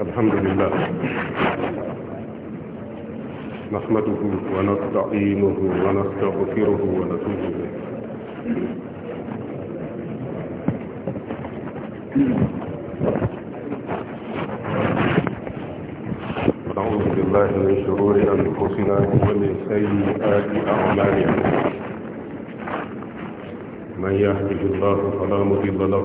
الحمد لله نحمده ونستعينه ونستغفره ونتوب اليه ونعوذ بالله من شرور انفسنا ومن سيئات اعمالنا من يهده الله فلا مضل له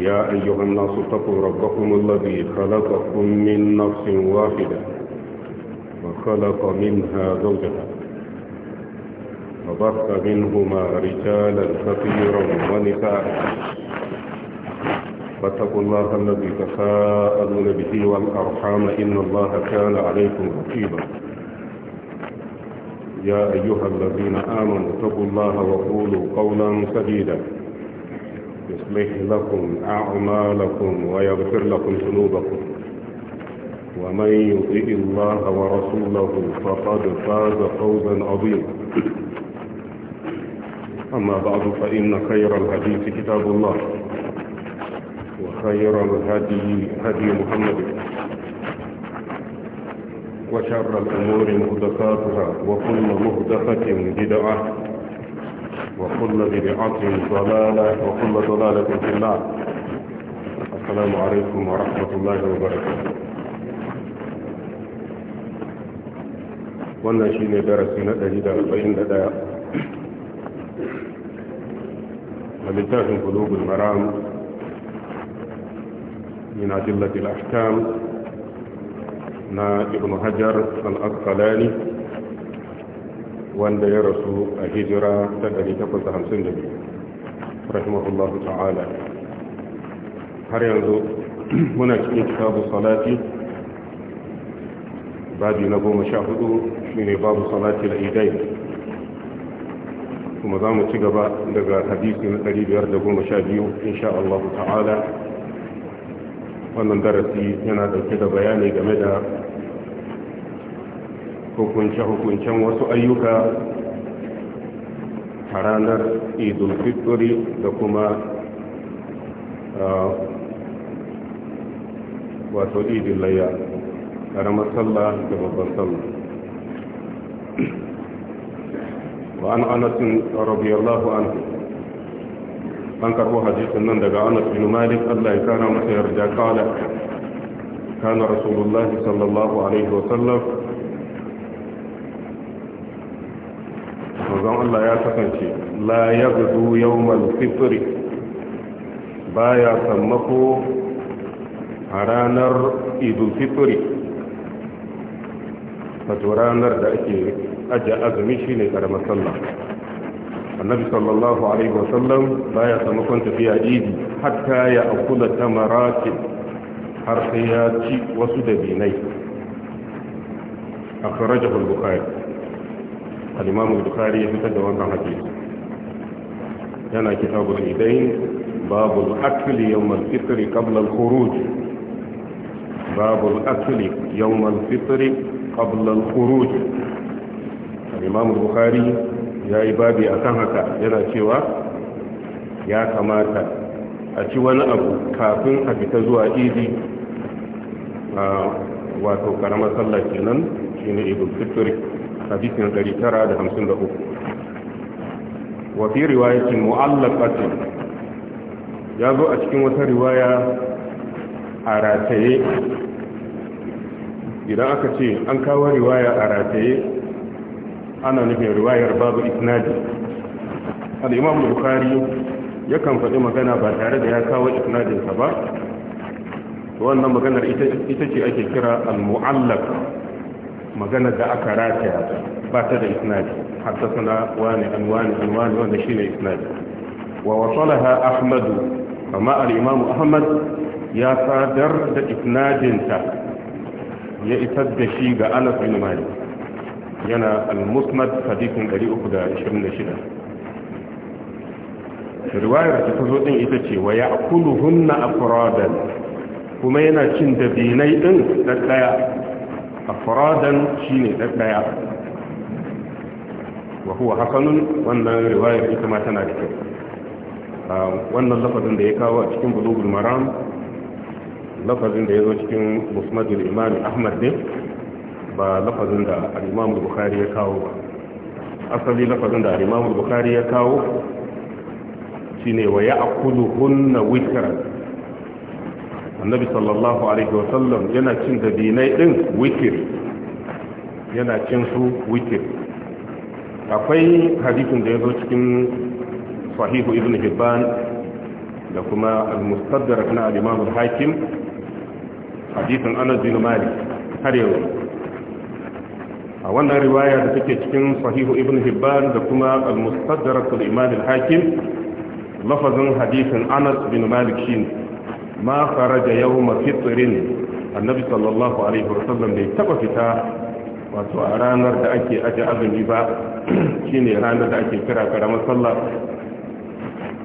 يا أيها الناس اتقوا ربكم الذي خلقكم من نفس واحدة وخلق منها زوجها وبرك منهما رجالا كثيرا ونساء فاتقوا الله الذي تساءلون به والأرحام إن الله كان عليكم رقيبا يا أيها الذين آمنوا اتقوا الله وقولوا قولا سديدا يصلح لكم أعمالكم ويغفر لكم ذنوبكم ومن يطئ الله ورسوله فقد فاز فوزا عظيما أما بعد فإن خير الحديث كتاب الله وخير الهدي هدي محمد وشر الأمور مهدفاتها وكل مهدفة بدعة وكل بدعة ضلالة وكل ضلالة في النار السلام عليكم ورحمة الله وبركاته wannan shi ne darasi na 141 a littafin قلوب maram من أدلة الأحكام نا ابن حجر الأسقلاني wanda ya rasu a hijira ta 852 rahimahullahu ta'ala har yanzu muna cikin kitabu salati babi na goma sha hudu shine babu salati da idai kuma za mu ci gaba daga hadisi na 512 insha Allah ta'ala wannan darasi yana dauke da bayani game da hukunce-hukuncen wasu ayyuka a ranar idul fitri da kuma wato idin layya ƙaramar sallah da babban sallah وعن أنس رضي الله عنه an karbo hadisin nan daga anas bin malik Allah ya kara masa yarda kala kana rasulullahi sallallahu alaihi wa Allah ya kasance la ya gudu yawmal fitri sammako a ranar idul wato ranar da ake ajiye azumi shine karamar sallah annabi sallallahu alaihi wasallam baya sammakon tafiya idi hatta ya akula tamarati har sai ya ci wasu dabinai akhrajahu al-bukhari al bukari ya fitar da wannan hadisi yana kitabul idain babul akli yawm al-fitr qabla al-khuruj babul akli yawm al-fitr qabla al-khuruj al-imam al-bukhari yayi babi akan haka yana cewa ya kamata a ci wani abu kafin a fita zuwa idi ah, wato karamar sallah kenan shine ibul fitr hadisin 953 wa fi riwayatin mu'allaqatin ya zo a cikin wata riwaya a rataye idan aka ce an kawo riwaya a rataye ana nufin riwayar babu isnadi al-imam yakan faɗi magana ba tare da ya kawo isnadinsa ba wannan maganar ita ce ake kira al-mu'allaq Maganar da aka rataya ba ta da isnadi har ta sana wani an wani wani wanda shi ne isnadi wa wasalaha ahmadu amma al'imamu ahmad ya sadar da isnadinta ya isa da shi ga anas bin mali yana al-musnad hadithin 326 riwayar ta fi zoɗin ita ce wa ya kulu hunna kuma yana cin dabinai dinai ɗin ɗaɗɗaya afradan shine ɗaya wa huwa hasanun wannan riwayar ita ma tana da kyau wannan lafazin da ya kawo a cikin bulugul maram lafazin da ya zo cikin musmadul imam ahmad ne ba lafazin da al-imam bukhari ya kawo ba asali lafazin da al-imam bukhari ya kawo shi shine wa ya'kuluhunna witran annabi sallallahu alaihi wasallam yana cin dabinai din wikir yana cin su wikir akwai hadisin da ya zo cikin sahihu ibn hibban da kuma al-mustadrak na al-imam al-hakim hadisin anas bin malik har yau a wannan riwaya da take cikin sahihu ibn hibban da kuma al-mustadrak al-imam al-hakim lafazin hadisin anas bin malik shine ma faraja yawma fitrin annabi sallallahu alaihi wasallam bai taba fita wato a ranar da ake aje azumi ba shine ranar da ake kira karamar sallah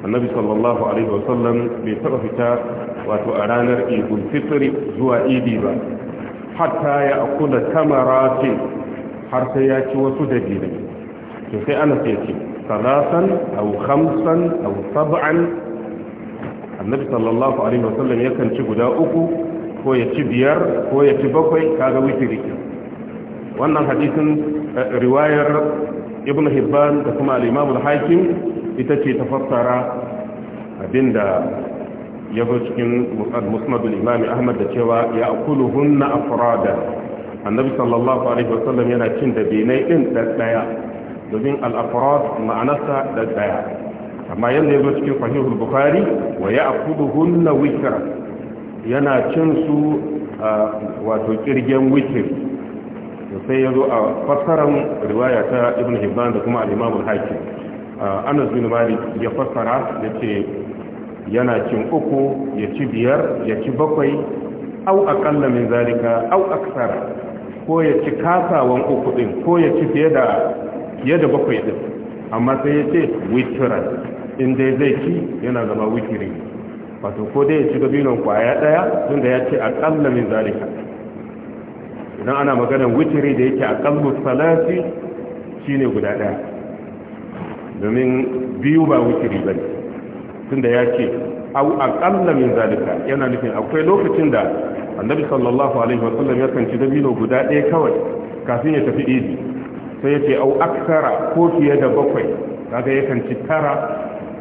annabi sallallahu alaihi wasallam bai taba fita wato a ranar idul fitri zuwa idi ba hatta ya akula tamaratin har sai ya ci wasu dalilai to sai ana sai ce salatan aw khamsan sab'an annabi sallallahu alaihi wasallam yakan ci guda uku ko ya ci biyar ko ya ci bakwai kaga witiri wannan hadisin eh, riwayar ibnu hibban da kuma al-imam al-hakim ita ce ta fassara abinda ya zo cikin musnad al-imam ahmad da cewa ya akuluhunna afrada annabi sallallahu alaihi wasallam yana cin da dinai din da daya domin al-afrad ma'anarsa da daya amma yadda ya zo cikin fahimtar bukari wa ya akudu hunna wikira yana cin su a wato kirgen wikir sai ya zo a fassaran riwaya ta ibn hibban da kuma al'imamul Haikin. anas bin malik ya fassara da ce yana cin uku ya ci biyar ya ci bakwai au akalla min zalika au aksara ko ya ci kasawan uku din ko ya ci fiye da bakwai din amma sai ya ce witiran in dai zai ci yana zama wikiri wato ko dai ya ci dabinon kwaya daya da ya ce akalla min zalika idan ana maganar wikiri da yake akallu salati shine guda daya domin biyu ba wikiri bane da ya ce au akalla min zalika yana nufin akwai lokacin da annabi sallallahu alaihi wa sallam ya kanci dabino guda daya kawai kafin ya tafi idi sai ya ce au aksara ko fiye da bakwai kaga ya kanci tara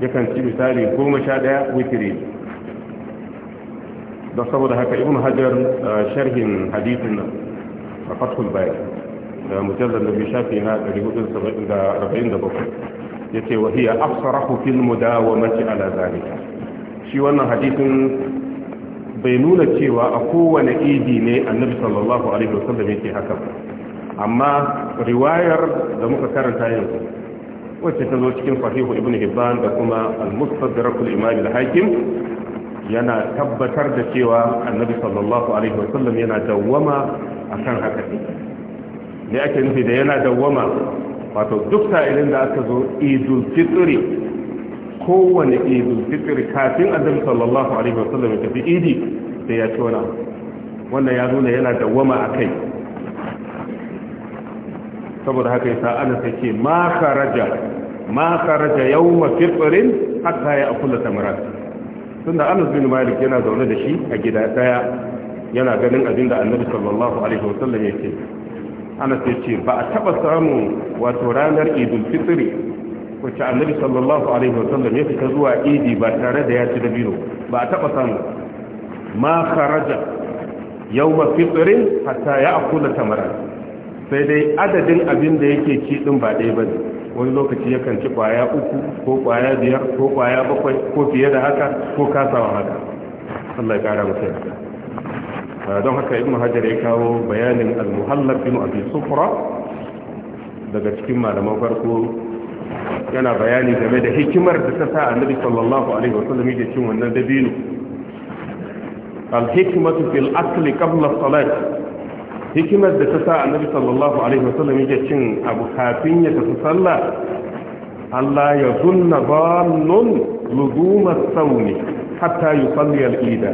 yakan ci misali goma sha ɗaya witiri don saboda haka ibn hajar sharhin hadithin nan a fatul bayan da mujallar da bai shafi na 447 ya ce wa hiya afsarahu fil mudawamati ala zalika shi wannan hadithin bai nuna cewa a kowane idi ne annabi sallallahu alaihi wasallam yake haka amma riwayar da muka karanta yanzu wacce ta zo cikin sahihu ibn hibban da kuma al-mustadrak al-imam al-hakim yana tabbatar da cewa annabi sallallahu alaihi wasallam yana dawwama akan haka ne ake nufi da yana dawwama wato duk sa'ilin da aka zo idul fitri kowane idul fitri kafin annabi sallallahu alaihi wasallam ya tafi idi sai ya tona. wannan ya nuna yana dawwama a kai saboda haka yasa ana sai ce ma kharaja ma kharaja yawma fitrin hatta ya akula tamarat tunda Anas bin Malik yana zaune da shi a gida daya yana ganin abin da Annabi sallallahu alaihi wasallam ce Anas ya ce ba a taba samu wato ranar Idul Fitri wacce Annabi sallallahu alaihi wasallam ya fita zuwa Idi ba tare da ya ci dabino ba a taba samu ma kharaja yawma fitrin hatta ya akula tamarat sai dai adadin abin da yake ci din ba dai bane wani lokaci yakan ci kwaya uku ko kwaya biyar ko kwaya bakwai ko fiye da haka ko kasawa haka Allah ya kara masa ah, don haka ibn hajar ya kawo bayanin al-muhallab bin abi sufra daga cikin malaman farko yana bayani game da hikimar da ta sa annabi sallallahu alaihi wasallam yake cin wannan dabino al-hikmatu fil akli qabla as-salat hikimar da ta sa annabi sallallahu alaihi wasallam yake cin abu kafin ya tafi sallah Allah ya zunna bannun luguma sauni hatta yi al ida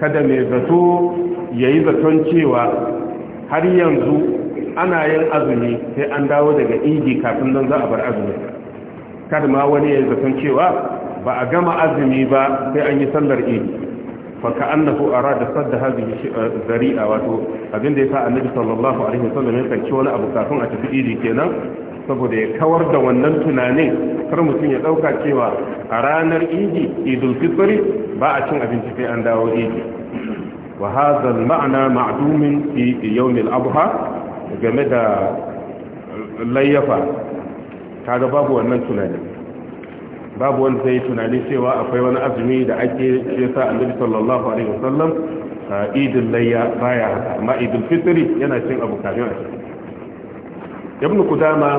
kada mai zato yayi zaton cewa har yanzu ana yin azumi sai an dawo daga idi kafin nan za a bar azumi kada ma wani ya yi zaton cewa ba a gama azumi ba sai an yi sallar idi faka annahu arada sadda hadhihi eh, a wato abin da sa annabi sallallahu alaihi wasallam ya kanci wani abu kafin a tafi idi kenan saboda ya kawar da wannan tunanin kar mutum ya dauka cewa a ranar idi idul fitri ba a cin abinci sai an dawo idi wa hadha al ma'na ma'dumin fi yawm al adha game da layyafa kaga babu wannan tunanin babu wanda zai tunani cewa akwai wani azumi da ake shi a annabi sallallahu alaihi wasallam uh, idin layya baya amma idin fitri yana cin abu kafin a ibn kudama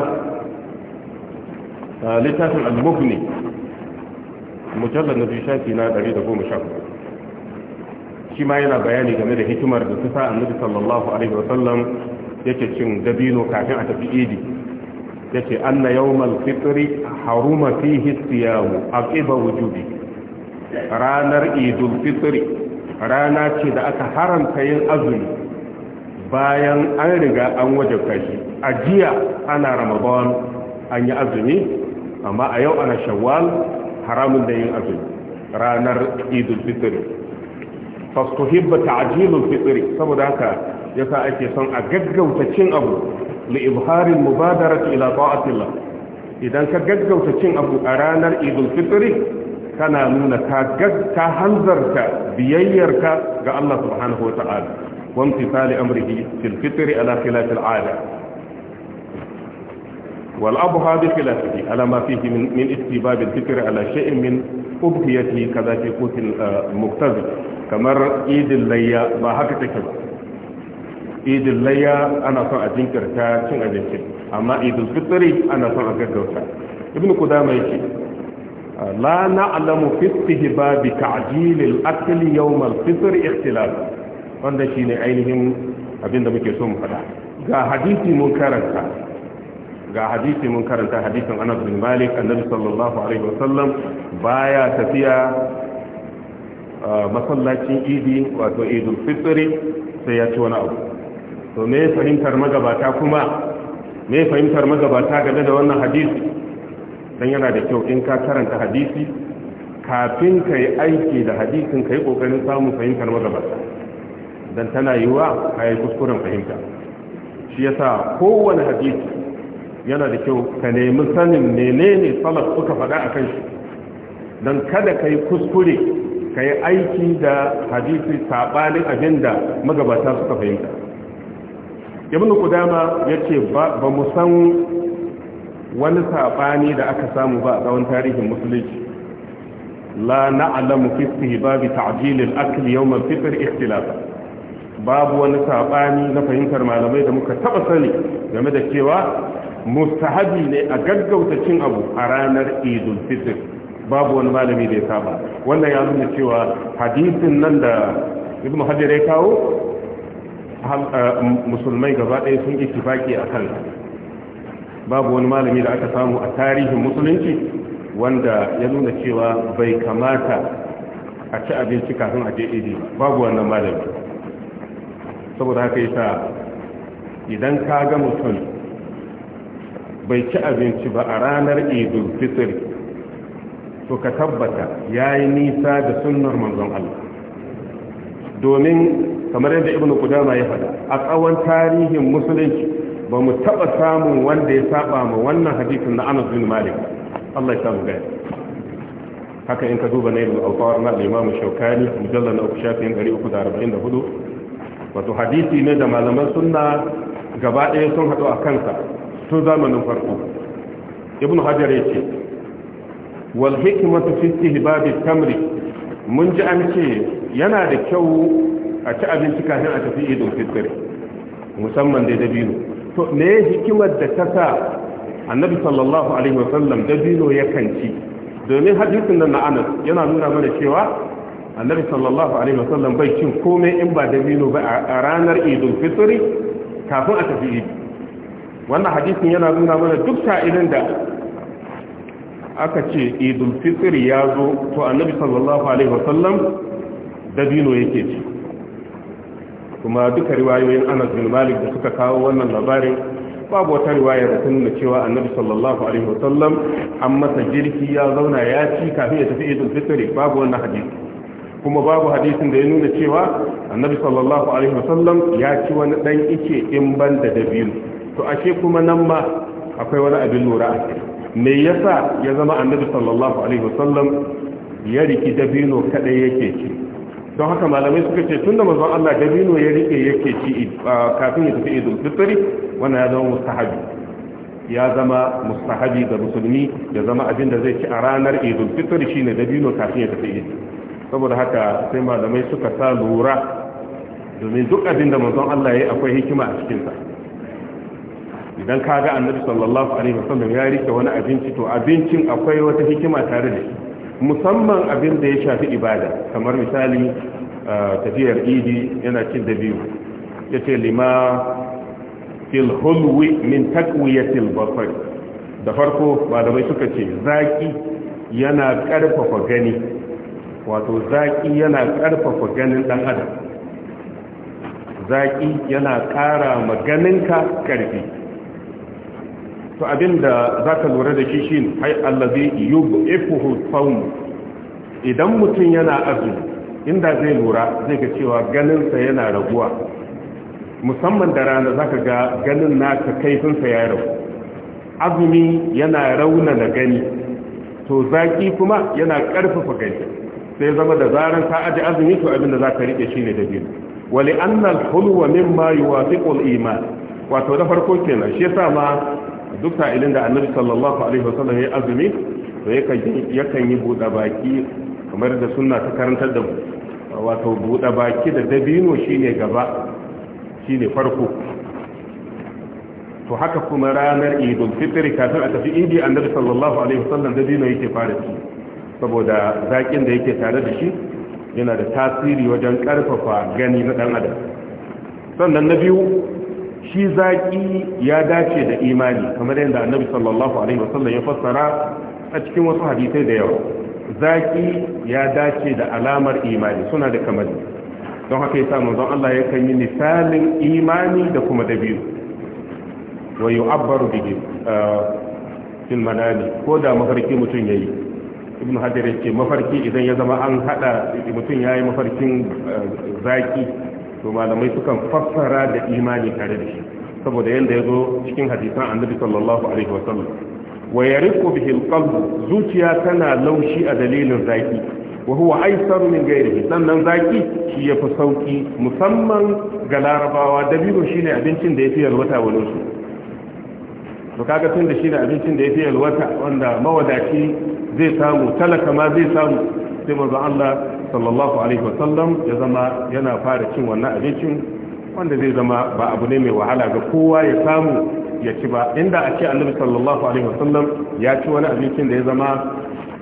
uh, littafin al-mughni mujallad na shafi na 114 shi ma yana bayani game da hikimar da ta sa annabi sallallahu alaihi wasallam yake cin dabino kafin a tafi idi yace anna yawmal fitri haruma fihi siyamu aqiba wujubi ranar idul fitri rana ce da aka haramta yin azumi bayan an riga an waje kashi a jiya ana ramadan an yi azumi amma a yau ana shawwal haramun da yin azumi ranar idul fitri fastuhibba ta'jilul fitri saboda haka yasa ake son a gaggauta cin abu لإظهار المبادرة إلى طاعة الله إذا إذن كجزو تشين أبو أرانر إيد الفطري كان من كجز كهنزرك بييرك جاء الله سبحانه وتعالى وامتثال أمره في الفطر على خلاف العادة والأبها بخلافه على ما فيه من, من استباب الفكر على شيء من أبهيته كذا في قوت آه، مكتب كما رئيد الليا ما هكذا كذا idin layya ana son a jinkirta cin abincin amma idin fitri ana son a gaggauta ibn kudama yake la na'lamu fi istihbab ta'jil al-akl yawm al-fitr ikhtilaf wanda shine ainihin abinda muke so mu fada ga hadisi mun karanta ga hadisi mun karanta hadisin Anas bin Malik annabi sallallahu alaihi wasallam baya tafiya ah, masallacin idi wato idul fitri sai ya ci wani abu to me fahimtar magabata kuma me fahimtar magabata game da wannan hadisi dan yana da kyau in ka karanta hadisi kafin ka yi aiki da hadisin ka yi kokarin samun fahimtar magabata dan tana yiwa ka yi kuskuren fahimta shi yasa kowane hadisi yana da kyau ka nemi sanin menene salaf suka faɗa akan shi dan kada ka yi kuskure ka yi aiki da hadisi saɓanin abin da magabata suka fahimta ibn kudama ya ce ba mu san wani saɓani da aka samu ba a tsawon tarihin musulunci la na'lamu fi istihbabi ta'jil al-akl yawm al-fitr ikhtilaf babu wani saɓani na fahimtar malamai da muka taba sani game da cewa mustahabi ne a gaggauta cin abu a ranar idul fitr babu wani malami da ya saba wannan ya nuna cewa hadisin nan da ibn hajar ya kawo Eh, musulmai gaba ɗaya sun ittifaki a kan babu wani malami da aka samu a tarihin musulunci wanda ya nuna cewa bai kamata a ci abinci kafin a je idi babu wannan malami saboda haka yasa idan ka ga mutum bai ci abinci ba a ranar ido fitir to ka tabbata ya yi nisa da sunnar manzon Allah domin kamar yadda ibnu qudama ya faɗa a tsawon tarihin musulunci ba mu taɓa samun wanda ya saba ma wannan hadisin na anas bin malik Allah ya samu gaya haka in ka duba na ibn al-awtar na al-imam shaukani mujallal na uku yin ɗari uku da arba'in da 344 wato hadisi ne da malaman sunna gaba ɗaya sun haɗu a kansa tun zamanin farko ibn hajar ya ce wal hikmatu fi istihbab at mun ji an ce yana da kyau a ci abinci kafin a tafi idul fitr musamman da dabino to me ya hikimar da ta sa annabi sallallahu alaihi wa sallam dabino ya kanci domin hadisin nan na Anas yana nuna mana cewa annabi sallallahu alaihi wa sallam bai cin komai in ba dabino ba a ranar idul fitr kafin a tafi idi wannan hadisin yana nuna mana duk sa'ilin da aka ce idul fitr ya zo to annabi sallallahu alaihi wa wasallam dabino yake ci kuma duka riwayoyin anas bin malik da suka kawo wannan labarin babu wata riwaya da ta nuna cewa annabi sallallahu alaihi wasallam an masa jirki ya zauna ya ci kafin ya tafi idul fitri babu wannan hadisi kuma babu hadisin da ya nuna cewa annabi sallallahu alaihi wasallam ya ci wani dan ice in ban da dabilu to ashe kuma nan ma akwai wani abin lura a me yasa ya zama annabi sallallahu alaihi wasallam ya riki dabino kadai yake ci don haka malamai suka ce tun da mazan Allah dabino ya rike yake ci kafin ya tafi idul fitri wannan ya zama mustahabi ya zama mustahabi ga musulmi ya zama abin da zai ci a ranar idul fitri shine dabino kafin ya tafi idul saboda haka sai malamai suka sa lura domin duk abin da mazan Allah ya yi akwai hikima a cikinsa idan ka ga annabi sallallahu alaihi wasallam ya rike wani abinci to abincin akwai wata hikima tare da shi musamman abin da ya shafi ibada kamar misali tafiyar idi yana cin da biyu ya ce lima fil hulwi min takwiyatil basar da farko malamai suka ce zaki yana karfafa gani wato zaki yana karfafa ganin dan adam zaki yana kara maganinka karfi to abinda ka lura da shi shi hay allazi yub'ifuhu sawm idan mutum yana azumi inda zai lura zai ga cewa ganinsa yana raguwa musamman da rana za ka ga ganin naka kaifinsa ya rau azumi yana raunana gani to zaki kuma yana karfafa gani sai zama da zaran ka aje azumi to abinda za ka rike ne da biyu wali annal hulwa mimma yuwafiqul iman wato da farko kenan shi yasa ma duk ta ilin da annabi sallallahu alaihi wasallam ya azumi to yakan yi buɗa baki kamar da sunna ta karantar da mu wato buɗa baki da dabino shine gaba shine farko to haka kuma ranar idul fitri kafin a tafi indi annabi sallallahu alaihi wasallam dabino yake fara shi saboda zakin da yake tare da shi yana da tasiri wajen karfafa gani na dan adam sannan na biyu shi zaki ya dace da imani kamar yadda annabi sallallahu alaihi wasallam ya fassara a cikin wasu hadisai da yawa zaki ya dace da alamar imani suna da kamari don haka yasa manzon Allah ya kan yi misalin imani da kuma dabi'u wa yu'abbaru bihi eh, fil manami ko da mafarki mutun yayi ibn hajar yake mafarki idan ya zama an hada mutun yayi mafarkin eh, zaki to malamai sukan fassara da imani tare da shi saboda yadda ya zo cikin hadisan annabi sallallahu alaihi wasallam wa yariqu bihi alqalb zuciya tana laushi a dalilin zaki wa huwa aisar min gairihi sannan zaki shi yafi sauki musamman ga larabawa dabino shine abincin da yafi yalwata wa su to kaga tun da shine abincin da yafi yalwata wanda mawadaci zai samu talaka ma zai samu sai manzo Allah sallallahu alaihi wasallam ya zama yana fara cin wannan abincin wanda zai zama ba abu ne mai wahala ga kowa ya samu ya ci ba inda a ce annabi sallallahu alaihi wasallam ya ci wani abincin da ya zama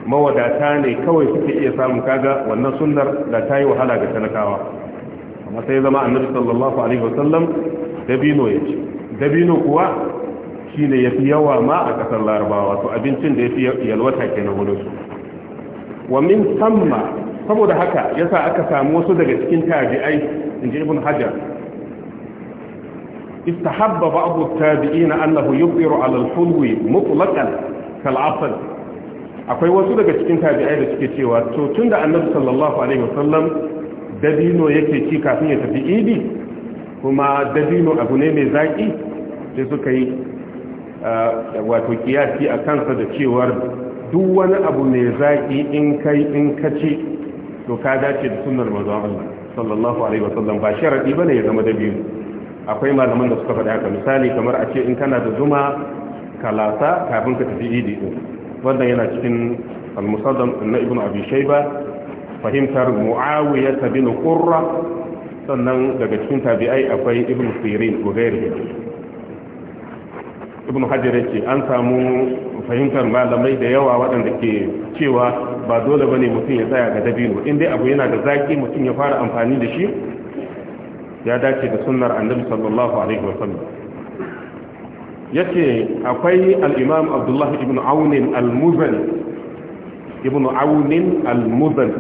mawadata ne kawai suke iya samun kaga wannan sunnar da ta yi wahala ga talakawa amma sai zama annabi sallallahu alaihi wasallam dabino ya ci dabino kuwa shine yafi yawa ma a kasar larabawa to abincin da ya fi yalwata kenan wurin su wa min samma saboda haka yasa aka samu wasu daga cikin tabi'ai ji ibn hajar istahabba ba'd at-tabi'in annahu yuqiru 'ala al-hulwi mutlaqan akwai wasu daga cikin tabi'ai da suke cewa to tunda annabi sallallahu alaihi wasallam dabino yake ci kafin ya tafi idi kuma dabino abu ne mai zaki sai suka yi eh, wato kiyasi a kansa da cewar duk wani abu mai zaki in kai in kaci to ka dace da sunnar manzon Allah sallallahu alaihi wasallam ba sharadi bane ya zama dabino akwai malaman da suka faɗi haka misali kamar a ce in kana da zuma kalasa kafin ka tafi idi din wannan yana cikin al-musaddam na ibn abi shayba fahimtar muawiya bin qurra sannan daga cikin tabi'ai akwai ibn sirin ugairi ibn hajar yake an samu fahimtar malamai da yawa waɗanda ke cewa ba dole bane mutum ya tsaya ga dabino in dai abu yana da zaki mutum ya fara amfani da shi ya dace da sunnar annabi sallallahu alaihi wa wasallam yace akwai al-imam abdullahi ibn aun al-muzani ibn aun al-muzani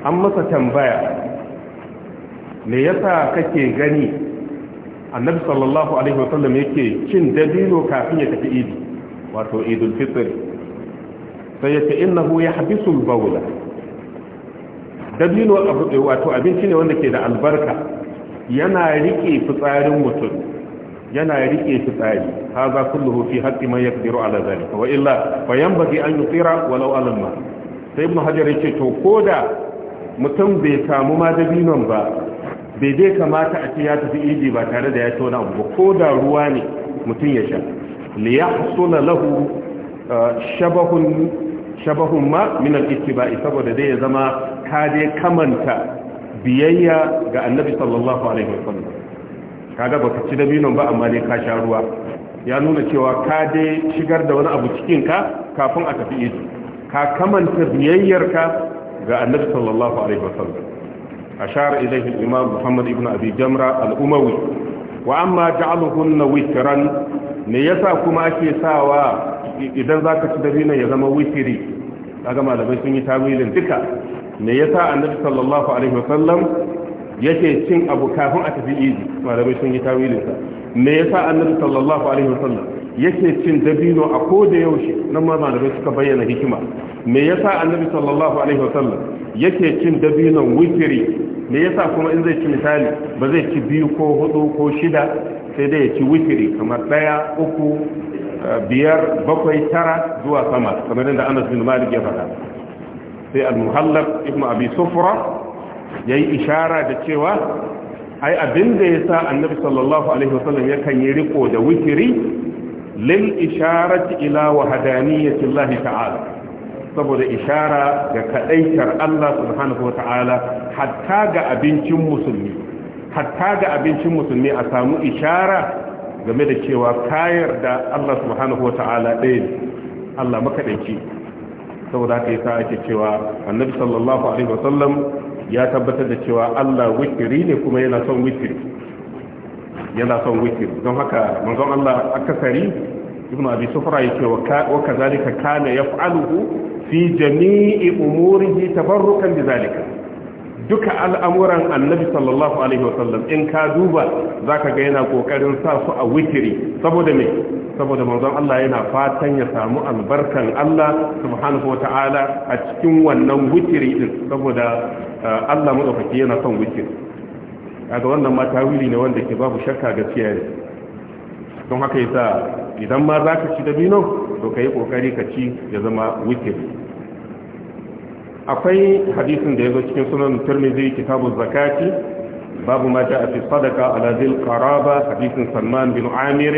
an masa tambaya me yasa kake gani annabi sallallahu alaihi wa wasallam yake cin dabino kafin ya tafi idi wato idul fitr sai yace innahu yahbisul bawla dabino eh, wato abinci ne wanda ke da albarka yana rike fitsarin mutum yana rike fitsari haza kullu fi haqqi man yaqdiru ala zalika wa illa fa yanbaghi an yutira walau alamma sai ibn hajar yace to koda mutum bai samu ma dabinon ba bai dai kamata a ce ya tafi idi ba tare da ya tona abu ba koda ruwa ne mutum ya sha li yahsula lahu eh, shabahun shabahun ma minan ittibai saboda dai ya zama ka dai kamanta biyayya ga annabi sallallahu alaihi wasallam kaga baka ci dabinon ba amma dai ka sha ruwa ya nuna cewa ka dai shigar da wani abu cikin ka kafin a tafi idi ka kamanta biyayyarka ga annabi sallallahu alaihi wasallam ashara ilayhi imam Muhammad ibn Abi Jamra al-Umawi wa amma ja'aluhunna witran me yasa kuma ake sawa idan za ka ci dabino ya zama witiri kaga malamai sun yi tawilin duka me sa annabi sallallahu alaihi wa sallam yake cin abu kafin a tafi izi malamai sun yi tawilin sa me sa annabi sallallahu alaihi wa sallam yake cin dabino a ko da yaushe nan ma malamai suka bayyana hikima me yasa annabi sallallahu alaihi wa sallam yake cin dabinon witiri me yasa kuma in zai ci misali ba zai ci biyu ko hudu ko shida sai dai ya ci witiri kamar daya uku biyar bakwai tara zuwa sama kamar da anas bin malik ya faɗa sai al-muhallab ibnu abi sufra yayi ishara da cewa ai abin da yasa annabi sallallahu alaihi wasallam yakan yi riko da witiri lil isharati ila wahdaniyati Allah ta'ala saboda ishara ga kadaitar Allah subhanahu wa ta'ala hatta ga abincin musulmi hatta ga abincin musulmi a samu ishara game da cewa kayar da Allah subhanahu wa ta'ala ɗaya ne Allah makaɗaici saboda haka yasa ake cewa annabi sallallahu alaihi sallam ya tabbatar da cewa Allah wukiri ne kuma yana son witiri yana son witiri don haka manzon Allah akasari ibn abi sufra yake wa kazalika kana yaf'aluhu fi jami'i umurihi tabarrukan bi zalika duka al'amuran annabi sallallahu alaihi wasallam in ka duba za ka ga yana kokarin sa su a wikiri saboda me saboda manzon Allah yana fatan ya samu albarkan Allah subhanahu wataala a cikin wannan wikiri din saboda uh, Allah maɗaukaki yana son a ga wannan mata wuri ne wanda ke babu shakka ga ciyari don haka sa idan ma za ka ci dabino to yi ƙoƙari ka ci ya zama wikiri akwai hadisin da ya zo cikin sunan turmizi kitabu zakati babu ma a fi sadaka ala zil hadisin salman bin amir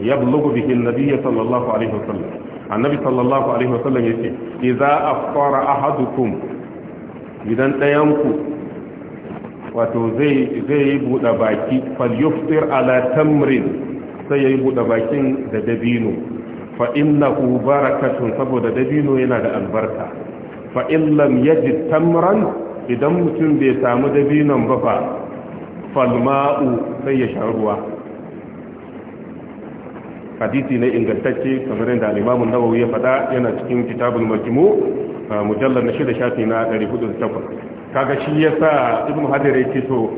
yablugu bihin an-nabiy sallallahu alaihi wasallam annabi sallallahu alaihi wasallam yace idza afṭara ahadukum idan dayan ku wato zai zai buɗe baki falyuftir ala tamrin sai yayi buɗe bakin da dabino fa innahu barakatun saboda dabino yana da albarka fa in lam tamran idan mutum bai samu dabinon ba fa falma'u sai ya sha ruwa hadisi na ingantacce kamar yadda al-Imam an-Nawawi ya faɗa yana cikin Kitabul Majmu' mujallal na 6 shafi na 408 kaga shi yasa Ibn Hajar yake so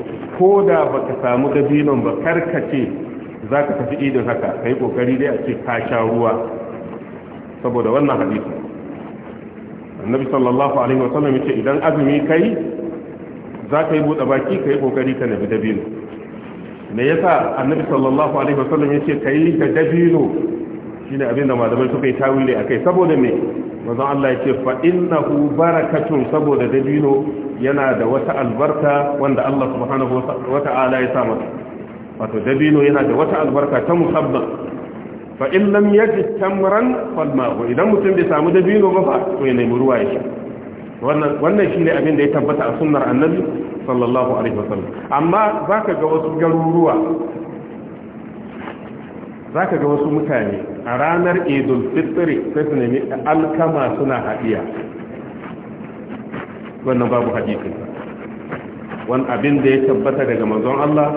da baka samu dabinon ba karkace zaka tafi idin haka kai kokari dai a ce ka sha ruwa saboda wannan hadisi annabi sallallahu alaihi wasallam yace idan azumi kai za ka yi buɗe baki ka yi ƙoƙari ka nabi dabino me yasa annabi sallallahu alaihi wasallam yace ka yi da dabino shine abin da malamai suka yi tawili akai saboda me manzon Allah yace fa innahu barakatun saboda dabino yana da wata albarka wanda Allah subhanahu wata'ala ya sa masa wato dabino yana da wata albarka ta musamman fa in lam yajid tamran fal ma'u idan mutum bai samu dabino ba fa to ya nemi ruwa ya sha wannan wannan shine abin da ya tabbata a sunnar annabi sallallahu alaihi wasallam amma zaka ga wasu garuruwa zaka ga wasu mutane a ranar Idul Fitr sai su nemi alkama suna hadiya wannan babu hadisi wannan abin da ya tabbata daga manzon Allah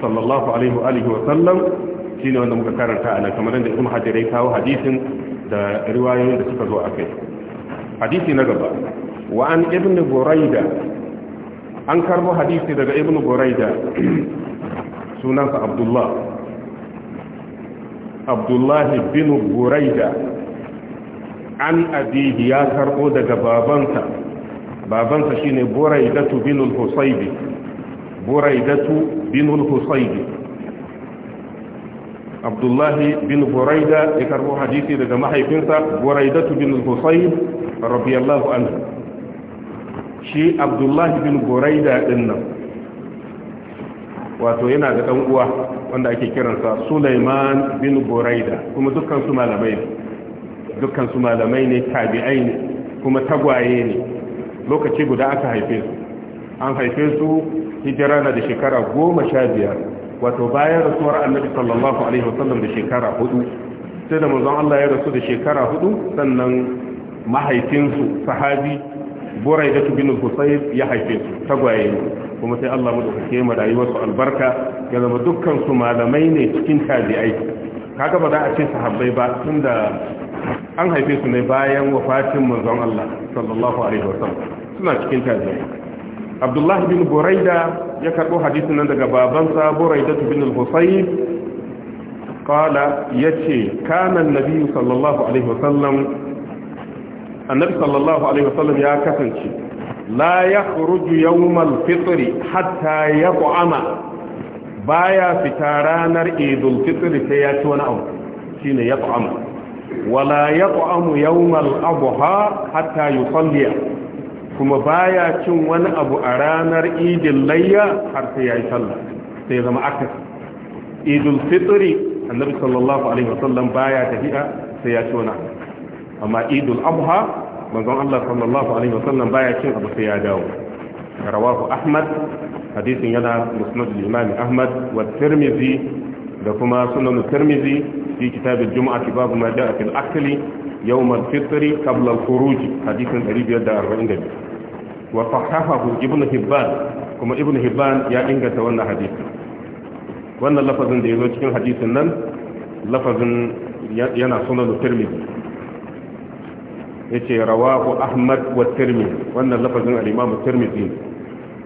sallallahu alaihi wa sallam ne wanda muka karanta a nan kamar da ibn hajar ya kawo hadisin da riwayoyin da suka zo a kai hadisi na gaba wa an ibn buraida an karbo hadisi daga ibn buraida sunansa abdullah abdullah bin buraida an abihi ya karbo daga babansa babansa shine buraidatu bin al-husaybi buraidatu bin al-husaybi abdullahi bin buraida ya karbo hadisi daga mahaifinsa buraidatu bin husayn radiyallahu anhu shi abdullahi bin buraida din wato yana da dan uwa wanda ake kiransa sulaiman bin buraida kuma dukkan malamai ne dukkan ne kuma tagwaye ne lokaci guda aka haifesu an haife su hijira da shekara goma sha biyar wato bayan rasuwar annabi sallallahu alaihi wasallam da shekara hudu sai da manzon Allah ya rasu da shekara hudu sannan mahaifinsu sahabi burai bin husayb ya haife su tagwaye kuma sai Allah madaukake mu rayuwar su albarka ya zama dukkan su malamai ne cikin tabi'ai kaga ba za a ce sahabbai ba tunda an haife su ne bayan wafatin manzon Allah sallallahu alaihi wasallam suna cikin tabi'ai Abdullah bin Buraida ya karɓo hadisin nan daga babansa buraida bin al-husayb qala yace kana nabi sallallahu alaihi wasallam annabi sallallahu alaihi wasallam ya kasance la yakhruju yawm al-fitr hatta yaqama baya fita ranar idul fitr sai ya ci wani abu shine ku'ama wala yaqamu yawm al-adha hatta yusalli kuma baya cin wani abu a ranar idin layya har sai ya yi sallah sai ya zama akasi idul fitri annabi sallallahu alaihi wasallam baya tafiya sai ya ci wani amma idul abha manzon Allah sallallahu alaihi wasallam baya cin abu sai ya dawo rawahu ahmad hadisin yana musnad al-imam ahmad wa tirmidhi da kuma sunan tirmidhi fi kitab al-jum'ah babu ma ja'a fil akli yawmal fitri qabla al-khuruj hadisin 542 wa sahahahu ibn kuma ibn hibban ya inganta wannan hadisi wannan lafazin da yazo cikin hadisin nan lafazin yana sunan tirmidhi yace rawahu ahmad wa tirmidhi wannan lafazin al-imam tirmidhi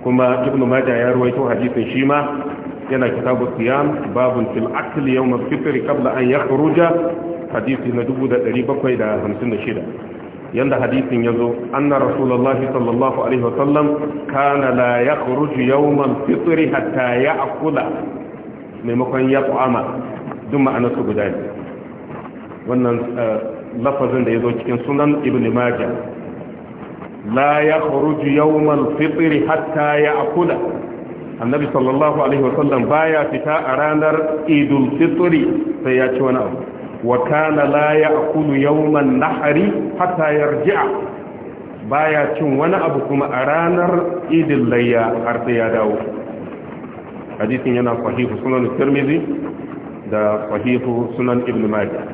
kuma ibn majah ya ruwaito hadisin shi ma yana kitabu siyam babun fil akli hadisi na 756 yanda hadisin ya yazo anna rasulullahi sallallahu alaihi wasallam kana la yakhruju yawmal fitr hatta ya'kula maimakon ya ta'ama duk ma'anar su guda ne wannan eh, lafazin da ya zo cikin sunan ibn majah la yakhruju yawmal fitr hatta ya'kula annabi sallallahu alaihi wasallam baya fita a ranar idul fitri sai ya ci wani abu wa kana la ya'kulu yawman nahri hatta yarji'a baya cin wani abu kuma a ranar idin layya ya dawo hadisin yana sahihu sunan tirmidhi da sahihu sunan ibn majah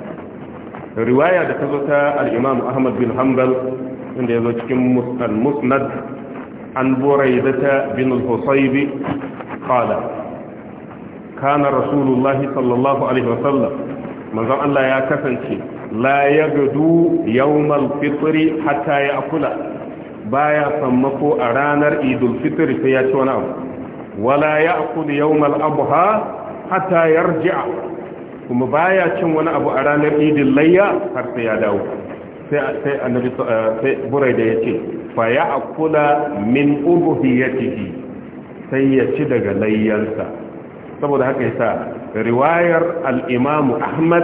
riwaya da tazo ta al-imam ahmad bin hanbal inda yazo cikin musnad an ta bin al-husayb kana rasulullah sallallahu alaihi manzon Allah ya kasance la ya gudu yawmal fitri hatta ya akula baya sammako a ranar idul fitri sai ya ci wani abu wala ya akulu yawmal abha hatta yarji'a kuma baya cin wani abu a ranar idil layya har sai ya dawo sai annabi sai burai da yace fa ya akula min ubhiyatihi sai ya ci daga layyansa saboda haka yasa riwayar al'imamu ahmad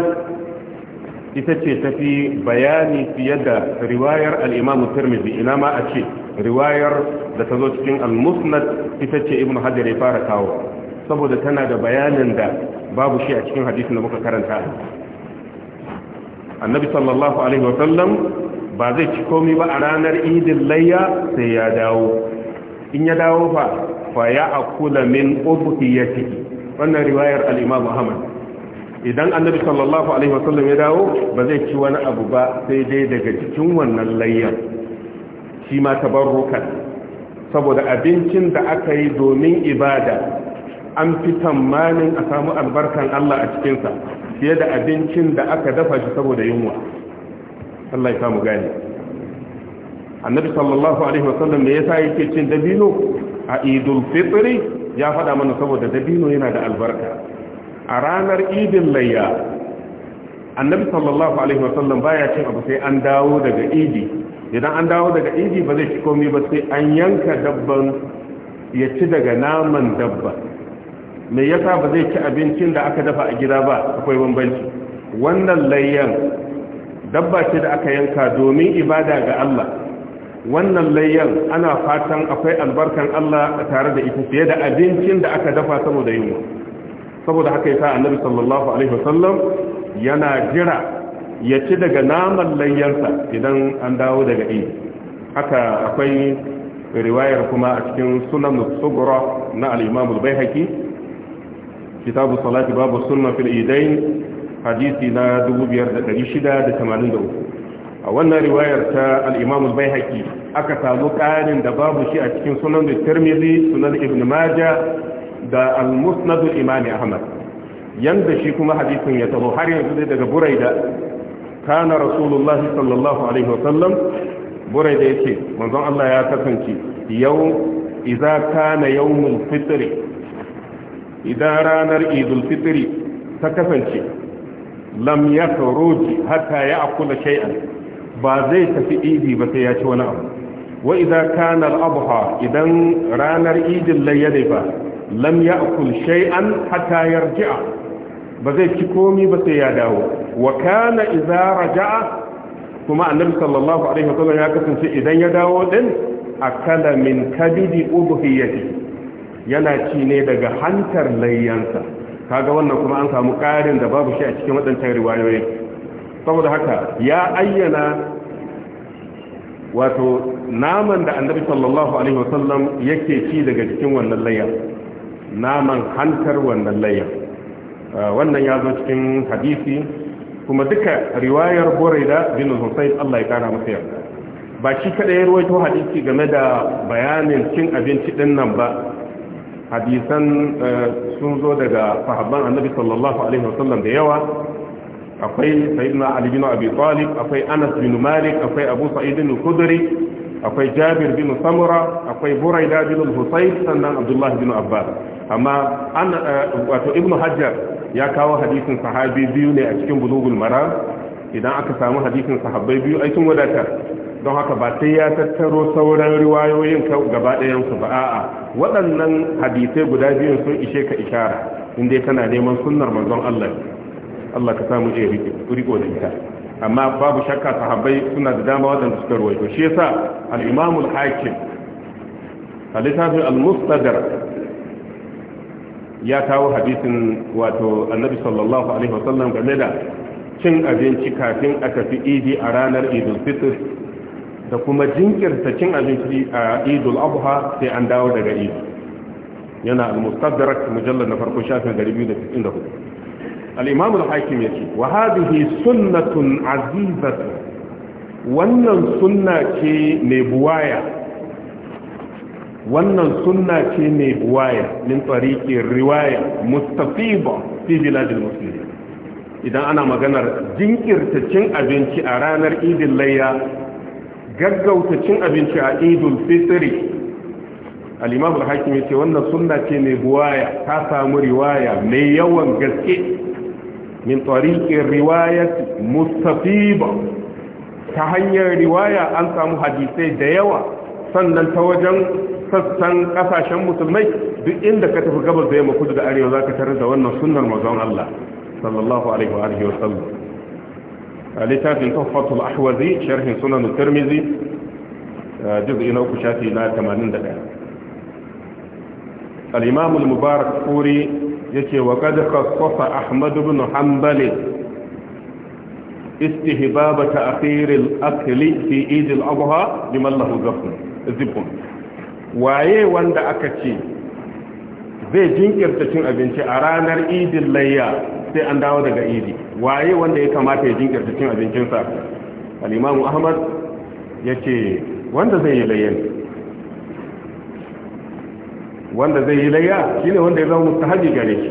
ita ce tafi bayani fiye da riwayar al'imamu turmizi ina ma a ce riwayar da ta zo cikin al-musnad ita ce ibn hajjar ya fara kawo saboda tana da bayanin da babu shi a cikin hadisi da muka karanta annabi sallallahu alaihi sallam ba zai ci komi ba a ranar idin layya sai ya dawo in ya dawo fa fa ya akula min ubuhiyatihi wannan riwayar al Muhammad. idan annabi sallallahu alaihi wasallam ya dawo ba zai ci wani abu ba sai dai daga cikin wannan layyar shi ma tabarrukan saboda abincin da aka yi domin ibada an fi tamanin a samu albarkan Allah a cikinsa fiye da abincin da aka dafa shi saboda yunwa Allah ya samu gani annabi sallallahu alaihi wasallam me yasa yake cin dabino a idul fitri ya faɗa mana saboda dabino yana da albarka a ranar idin layya annabi sallallahu alaihi wasallam baya cin abu sai an dawo daga idi idan an dawo daga idi ba zai ci komai ba sai an yanka dabban ya ci daga naman dabba me yasa ba zai ci abincin da aka dafa a gida ba akwai bambanci wannan layyan dabba ce da aka yanka domin ibada ga Allah wannan layyan ana fatan akwai albarkan Allah tare da ita fiye da abincin da aka dafa saboda yunwa saboda haka yasa annabi sallallahu alaihi wasallam yana jira ya ci daga naman layyarsa idan an dawo daga yi haka akwai riwayar kuma a cikin sunan na al-imam al-baihaqi kitabu salati babu sunna fil idain hadisi na 2683 a wannan riwayar ta al-Imam aka samu ƙarin da babu shi a cikin sunan da Tirmidhi sunan Ibn Maja da al-Musnad al Ahmad yanda shi kuma hadisin ya taho har yanzu daga Buraida kana Rasulullahi sallallahu alaihi wasallam Buraida yace manzon Allah ya kasance yau idza kana yawmul fitr idan ranar Idul Fitri ta kasance lam ya haka ya akula shay'an ba zai tafi idi ba sai ya ci wani abu wa idza kana al idan ranar idin layya ne ba lam ya'kul shay'an hatta yarji'a ba zai ci komi ba sai ya dawo wa kana idza raja'a kuma annabi sallallahu alaihi wasallam ya kasance idan ya dawo din akala min kabidi ubhiyati yana ci ne daga hantar layyansa kaga wannan kuma an samu karin da babu shi a cikin waɗancan riwayoyin saboda haka ya ayyana wato naman da annabi sallallahu alaihi wasallam yake ci daga cikin wannan layya naman hantar wannan layya uh, wannan ya zo cikin hadisi kuma duka riwayar buraida bin husayn Allah ya kara masa yarda ba shi kada ya ruwaito hadisi game da bayanin cin abinci din nan ba hadisan uh, sun zo daga sahabban annabi sallallahu alaihi wasallam da yawa akwai sayyidina ali bin abi talib akwai anas bin malik akwai abu sa'id al-khudri akwai jabir bin samura akwai buraida bin husayn sannan abdullah bin abbas amma an eh, wato ibnu hajjar ya kawo hadisin sahabi biyu ne a cikin bulugul maram idan aka samu hadisin sahabbai biyu ai sun wadata don haka ba sai ya tattaro sauran riwayoyin gaba ɗayan su ba a'a waɗannan hadisai guda biyun sun ishe ka ishara inda kana neman sunnar manzon Allah Allah ka samu iya riko da ita amma babu shakka sahabbai suna da dama waɗanda suka ruwaito shi yasa al-imam al-hakim a littafin al ya kawo hadisin wato annabi sallallahu alaihi wasallam game da cin abinci kafin a tafi idi a ranar idul fitr da kuma jinkirta cin abinci a idul abha sai an dawo daga idi yana al-mustadrak mujallad na farko shafin 294 al-imam al-hakim wa hadhihi sunnatun azizatun wannan sunna ce mai buwaya wannan sunna ce mai buwaya min tariqi riwaya mustafiba fi biladil muslimin idan ana maganar jinkirta cin abinci a ranar idin layya gaggauta cin abinci a idin fitri al-imam ya ce wannan sunna ce mai buwaya ta samu riwaya mai yawan gaske min tariqin riwayat mustafiba ta hanyar riwaya an samu hadisai da yawa sannan ta wajen sassan kasashen musulmai duk inda ka tafi gabas da yamma kudu da arewa zaka tarar da wannan sunnar manzon Allah sallallahu alaihi wa alihi wa sallam littafin tuhfatul ahwazi sharhin sunan tirmizi tirmidhi juz'i na shafi na 81 al mubarak furi yace wa qad khassafa ahmad ibn hanbal istihbab ta'khir al-akl fi eid al-adha liman lahu zibun waye wanda aka ce zai jinkirta cin abinci a ranar idin layya sai an dawo daga idi waye wanda ya kamata ya jinkirta cin abincinsa al-imamu ahmad yace wanda zai yi layyan wanda zai yi layya shine wanda ya zama mustahabi gare shi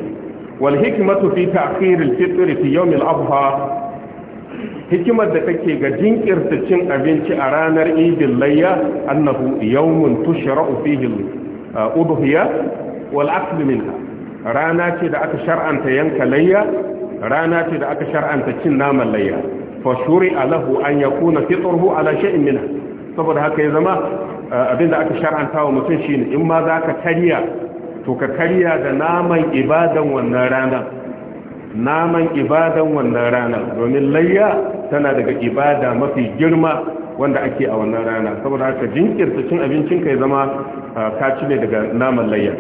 wal hikmatu fi ta'khir al fitr fi yawm al adha hikimar da take ga jinkirta cin abinci a ranar idin layya annahu yawmun tushra'u fihi al uh, udhiya wal akl minha rana ce da aka shar'anta yanka layya rana ce da aka shar'anta cin naman layya fa shuri'a lahu an yakuna fitruhu ala shay'in minha saboda haka ya zama Abin da aka shar'anta wa mutum shine in ma za ka karya to ka karya da naman ibadan wannan ranar naman ibadan wannan ranar domin layya tana daga ibada mafi girma wanda ake a wannan rana saboda haka jinkirta cin abincin ka zama ka ci ne daga naman layya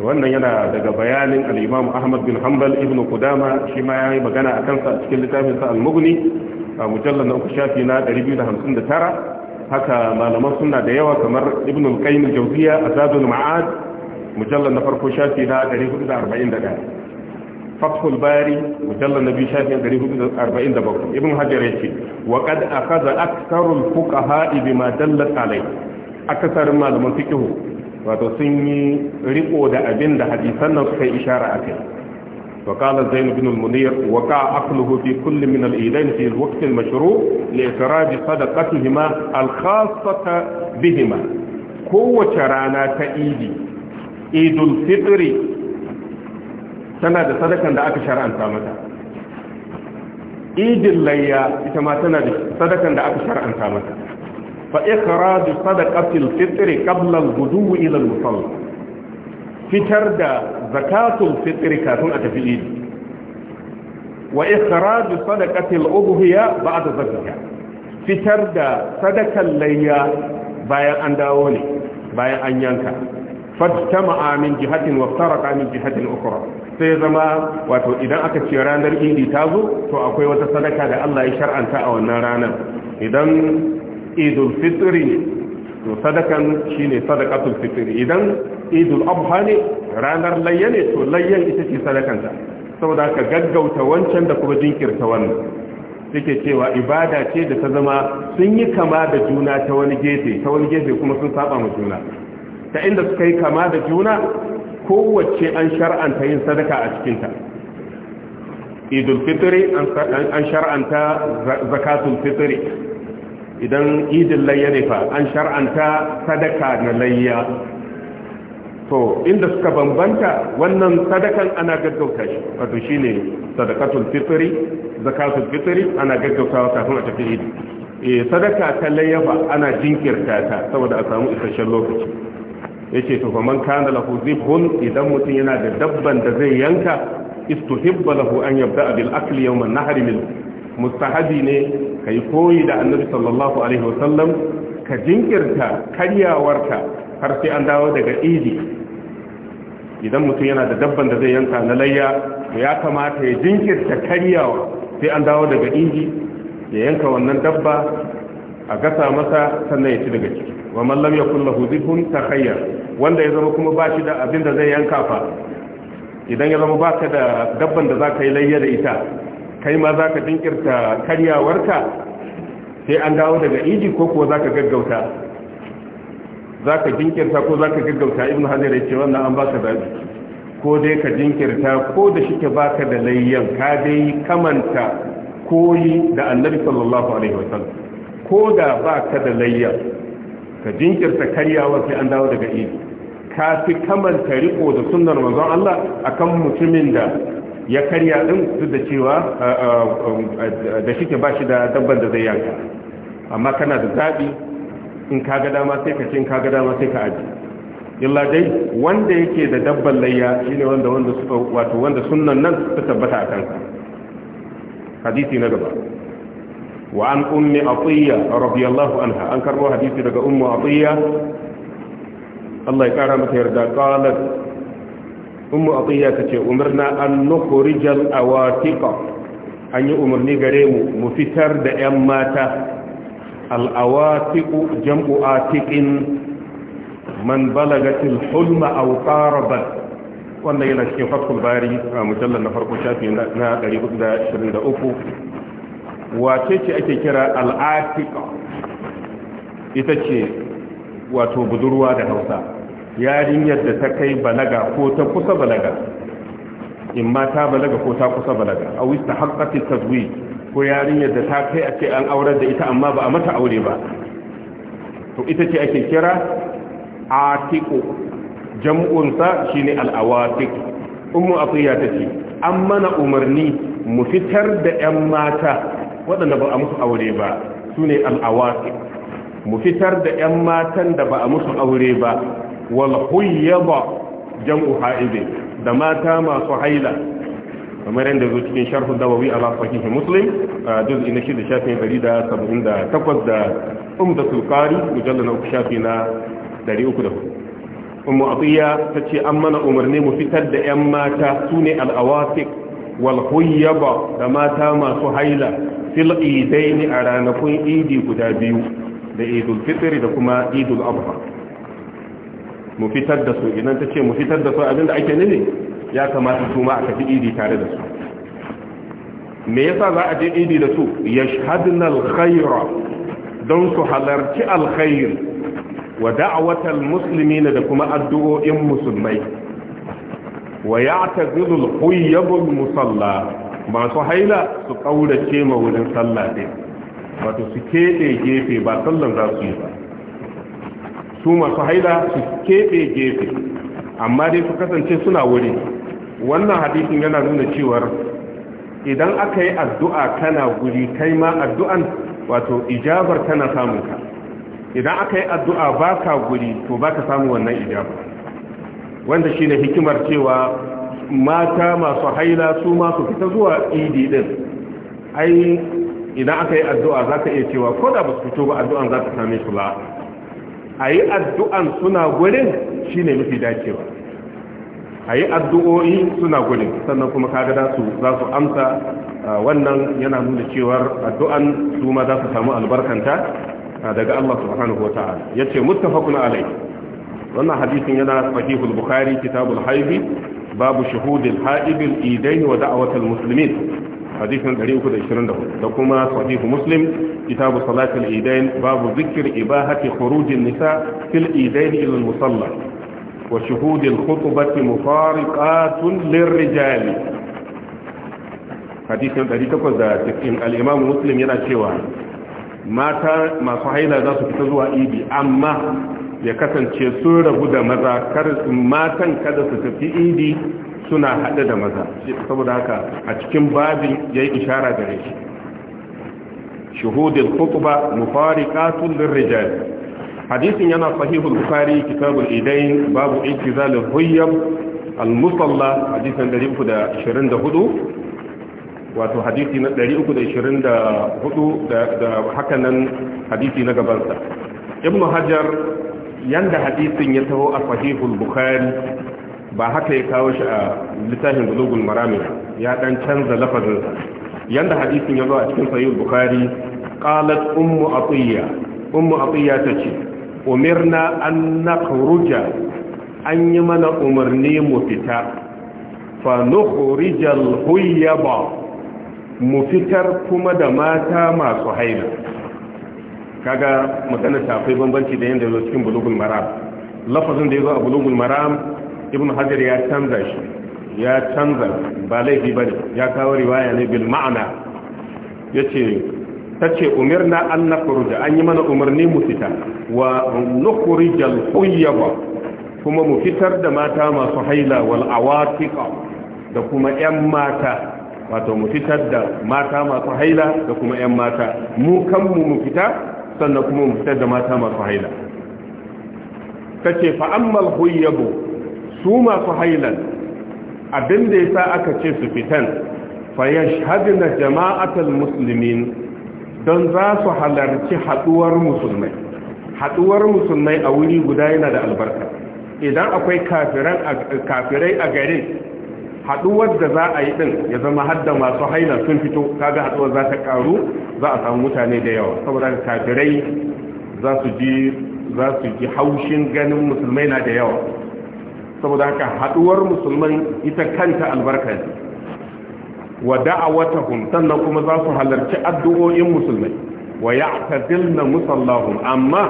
wannan yana daga bayanin al-Imam Ahmad bin Hanbal Ibn Qudama shi ma yayi magana akan sa cikin littafin sa Al-Mughni mujallad na uku shafi na 259 haka malaman suna da yawa kamar ibn al-qayyim al-jawziya azadul ma'ad mujallal na farko shafi na 441 fathul bari mujallal na biyu shafi 447 ibn hajar yace wa qad akhadha aktharul fuqaha bima dallat alayhi akasarin malaman fiqh wato sun yi riko da abin da hadisan nan suka yi ishara akai وقال زين بن المنير وقع عقله في كل من الإيدين في الوقت المشروع لإخراج صدقتهما الخاصة بهما قوة رانا تأيدي عيد الفطر سنة صدقة دا أكا شرعا تامتا عيد الليا إتما سنة صدقة دا أكا شرعا تامتا فإخراج صدقة الفطر قبل الغدو إلى المصلى fitar da zakatul fitri kafin a tafi idi wa ikhraju sadaqatil udhiya ba'da zakatiha fitar da sadakan layya bayan an dawo ne bayan an yanka fajtama'a min jihatin wa farqa min jihatin ukhra sai zama wato idan aka ce ranar idi ta zo to akwai wata sadaka da Allah ya shar'anta a wannan ranar idan idul fitri to sadakan shine sadaqatul fitri idan idul abha ne ranar layya ne to layyan ita ce sadakanta saboda ka gaggauta wancan da kuma jinkirta wannan suke cewa ibada ce da ta zama sun yi kama da juna ta wani gefe ta wani gefe kuma sun saba ma juna ta inda suka yi kama da juna kowace an shar'anta yin sadaka a cikinta idul fitri an shar'anta zakatul fitri idan idin layya ne fa an shar'anta sadaka na layya to inda suka bambanta wannan sadakan ana gaggauta shi wato shine sadakatul fitri zakatul fitri ana gaggautawa kafin a tafi idi eh sadaka ta layyafa ana jinkirta ta saboda a samu isasshen lokaci yace to fa man kana lahu zibhun idan mutum yana da dabban da zai yanka istuhibba lahu an yabda bil akli yawm an-nahr min mustahabi ne kai koyi da annabi sallallahu alaihi wasallam ka jinkirta karyawarka har sai an dawo daga idi idan mutum yana da dabban da zai yanka na layya ya kamata ya jinkirta karyawa sai an dawo daga inji ya yanka wannan dabba a gasa masa sannan ya ci daga ciki wa mallam ya kulla hudikun ta hayya wanda ya zama kuma ba shi da abin da zai yanka fa idan ya zama ba ka da dabban da za ka yi layya da ita kai ma za ka jinkirta karyawarka sai an dawo daga inji ko kuwa za ka gaggauta za ka jinkirta ko za ka gaggauta ibn hajar ya ce wannan an baka zabi ko dai ka jinkirta ko da shike baka da layyan ka dai kamanta koyi da annabi sallallahu alaihi wasallam ko da baka da layyan ka jinkirta karyawa sai an dawo daga iri ka fi kamanta riko da sunnar manzon Allah akan mutumin da ya karya ɗin duk da cewa da shike ba shi da dabban da zai yanka amma kana da zaɓi. in ka ga dama sai ka ce in ka ga dama sai ka aji illa dai wanda yake da dabban layya shine wanda wanda suka wato wanda sunnan nan ta tabbata akan sa hadisi na gaba wa an ummi atiya radiyallahu anha an karbo hadisi daga ummu atiya Allah ya kara mata yarda qalat ummu atiya tace umarna an nukhrijal awatiqa an yi umarni gare mu mu fitar da 'yan mata al'awatiku jam'u atiƙin man balagatil hulma a ƙarabar wannan yana cikin fatkul bari a mujallar na farko shafi na 423 wace ce ake kira al'atiƙa ita ce wato budurwa da hausa yarinyar da ta kai balaga ko ta kusa balaga in ma ta balaga ko ta kusa balaga a wista haƙƙaƙi taswiri ko yarinyar da ta kai a ce an aurar da ita amma ba a mata aure ba to ita ce ake kira atiku jam'unsa shine al'awatik ummu atiya tace an mana umarni mu fitar da 'yan mata waɗanda ba a musu aure ba su ne al'awatik mu fitar da 'yan matan da ba a musu aure ba wal huyyaba jam'u ha'ibe da mata masu haila kamar yadda zo cikin sharhu dawawi ala sahih muslim ina na da shafi dari da da da takwas umdatul qari mujallal na shafi na dari uku da umu ummu ta ce an mana umarni mu fitar da yan mata sune ne awasiq wal khuyyaba da mata masu haila fil idaini a ranakun idi guda biyu da idul fitr da kuma idul adha mu fitar da su idan ta ce mu fitar da su abinda ake nufi ya kamata su ma a tafi idi tare da su me yasa za a je idi da su yashhadna alkhaira don su halarci alkhair wa da'watal muslimina da kuma addu'o'in musulmai wa ya'tazilu alqayyabul musalla masu haila su ƙaurace ma wurin sallah wato su keɓe gefe ba sallan za su yi ba su masu haila su keɓe gefe amma dai su kasance suna wuri wannan hadisin yana nuna cewar idan aka yi addu'a kana guri kai ma addu'an wato ijabar tana samun ka idan aka yi addu'a ba ka guri to ba ka samu wannan ijabar wanda shi ne hikimar cewa mata masu haila su masu fita zuwa idi din ai idan aka yi addu'a za ka iya cewa ko da ba su fito ba addu'an za ta same su ba a yi addu'an suna gurin shi ne mafi dacewa a yi addu'o'i suna gudun sannan kuma kaga da su za su amsa wannan yana nuna cewar addu'an su ma za su samu albarkanta daga Allah subhanahu wa ta'ala ya ce mustafakun alai wannan hadisin yana sahihul bukhari kitabul haibi babu shahudil ha'ibil idain wa da'awatul muslimin hadisin 324 da kuma sahihu muslim kitabu salatul idain babu zikir ibahati khurujin nisa fil idain ila musalla wa shuhudil khutbati mufariqatun lirrijali hadisin 890 al-imam muslim yana cewa mata masu haila za su fita zuwa idi amma ya kasance sun rabu da maza kar matan kada su tafi idi suna haɗe da maza saboda haka a cikin babin ya yi ishara gare shi shuhudin kutuba mufariqatun lirrijal hadisin yana sahihul bukhari kitabu idain babu intizalul huyyab al-musalla hadisin 324 wato hadisi na 324 da da hakanan hadisi na gabansa ibn hajar yanda hadisin ya taho a sahihul bukhari ba haka ya kawo shi a littafin bulugul marami ya dan canza lafazinsa yanda hadisin ya zo a cikin sahihul bukhari qalat ummu atiya ummu atiya tace umirna an nakhruja an yi mana umarni mu fita fa huya ba mu fitar kuma da mata masu haila kaga magana ta akwai bambanci da yanda zo cikin bulugun maram lafazin da yazo a bulugun maram ibnu hajar ya canza shi ya canza ba laifi ne ya kawo riwaya ne bil ma'ana yace ta ce umirna an na furuja an yi mana umarni mu fita wa nukurijal huyyaba kuma mu fitar da mata masu haila wal awatika da kuma 'yan mata wato mu fitar da mata masu haila da kuma 'yan mata mu kanmu mu fita sannan kuma mu fitar da mata masu haila ta ce fa'ammal huyyabo su masu hailan abinda ya sa aka ce su fitan fayash hadina jama'atar musulmin don za su halarci haduwar musulmai haduwar musulmai a wuri guda yana da albarka idan akwai kafirai a garin haduwar da za a yi din ya zama hadda masu haina sun fito kaga haduwar za ta karu za a samu mutane da yawa saboda kafirai za su ji haushin ganin musulmai na da yawa saboda haka haduwar musulman ita kanta albarka ne wa da'awatahum sannan kuma za su halarci addu'o'in musulmai wa ya'tazilna musallahum amma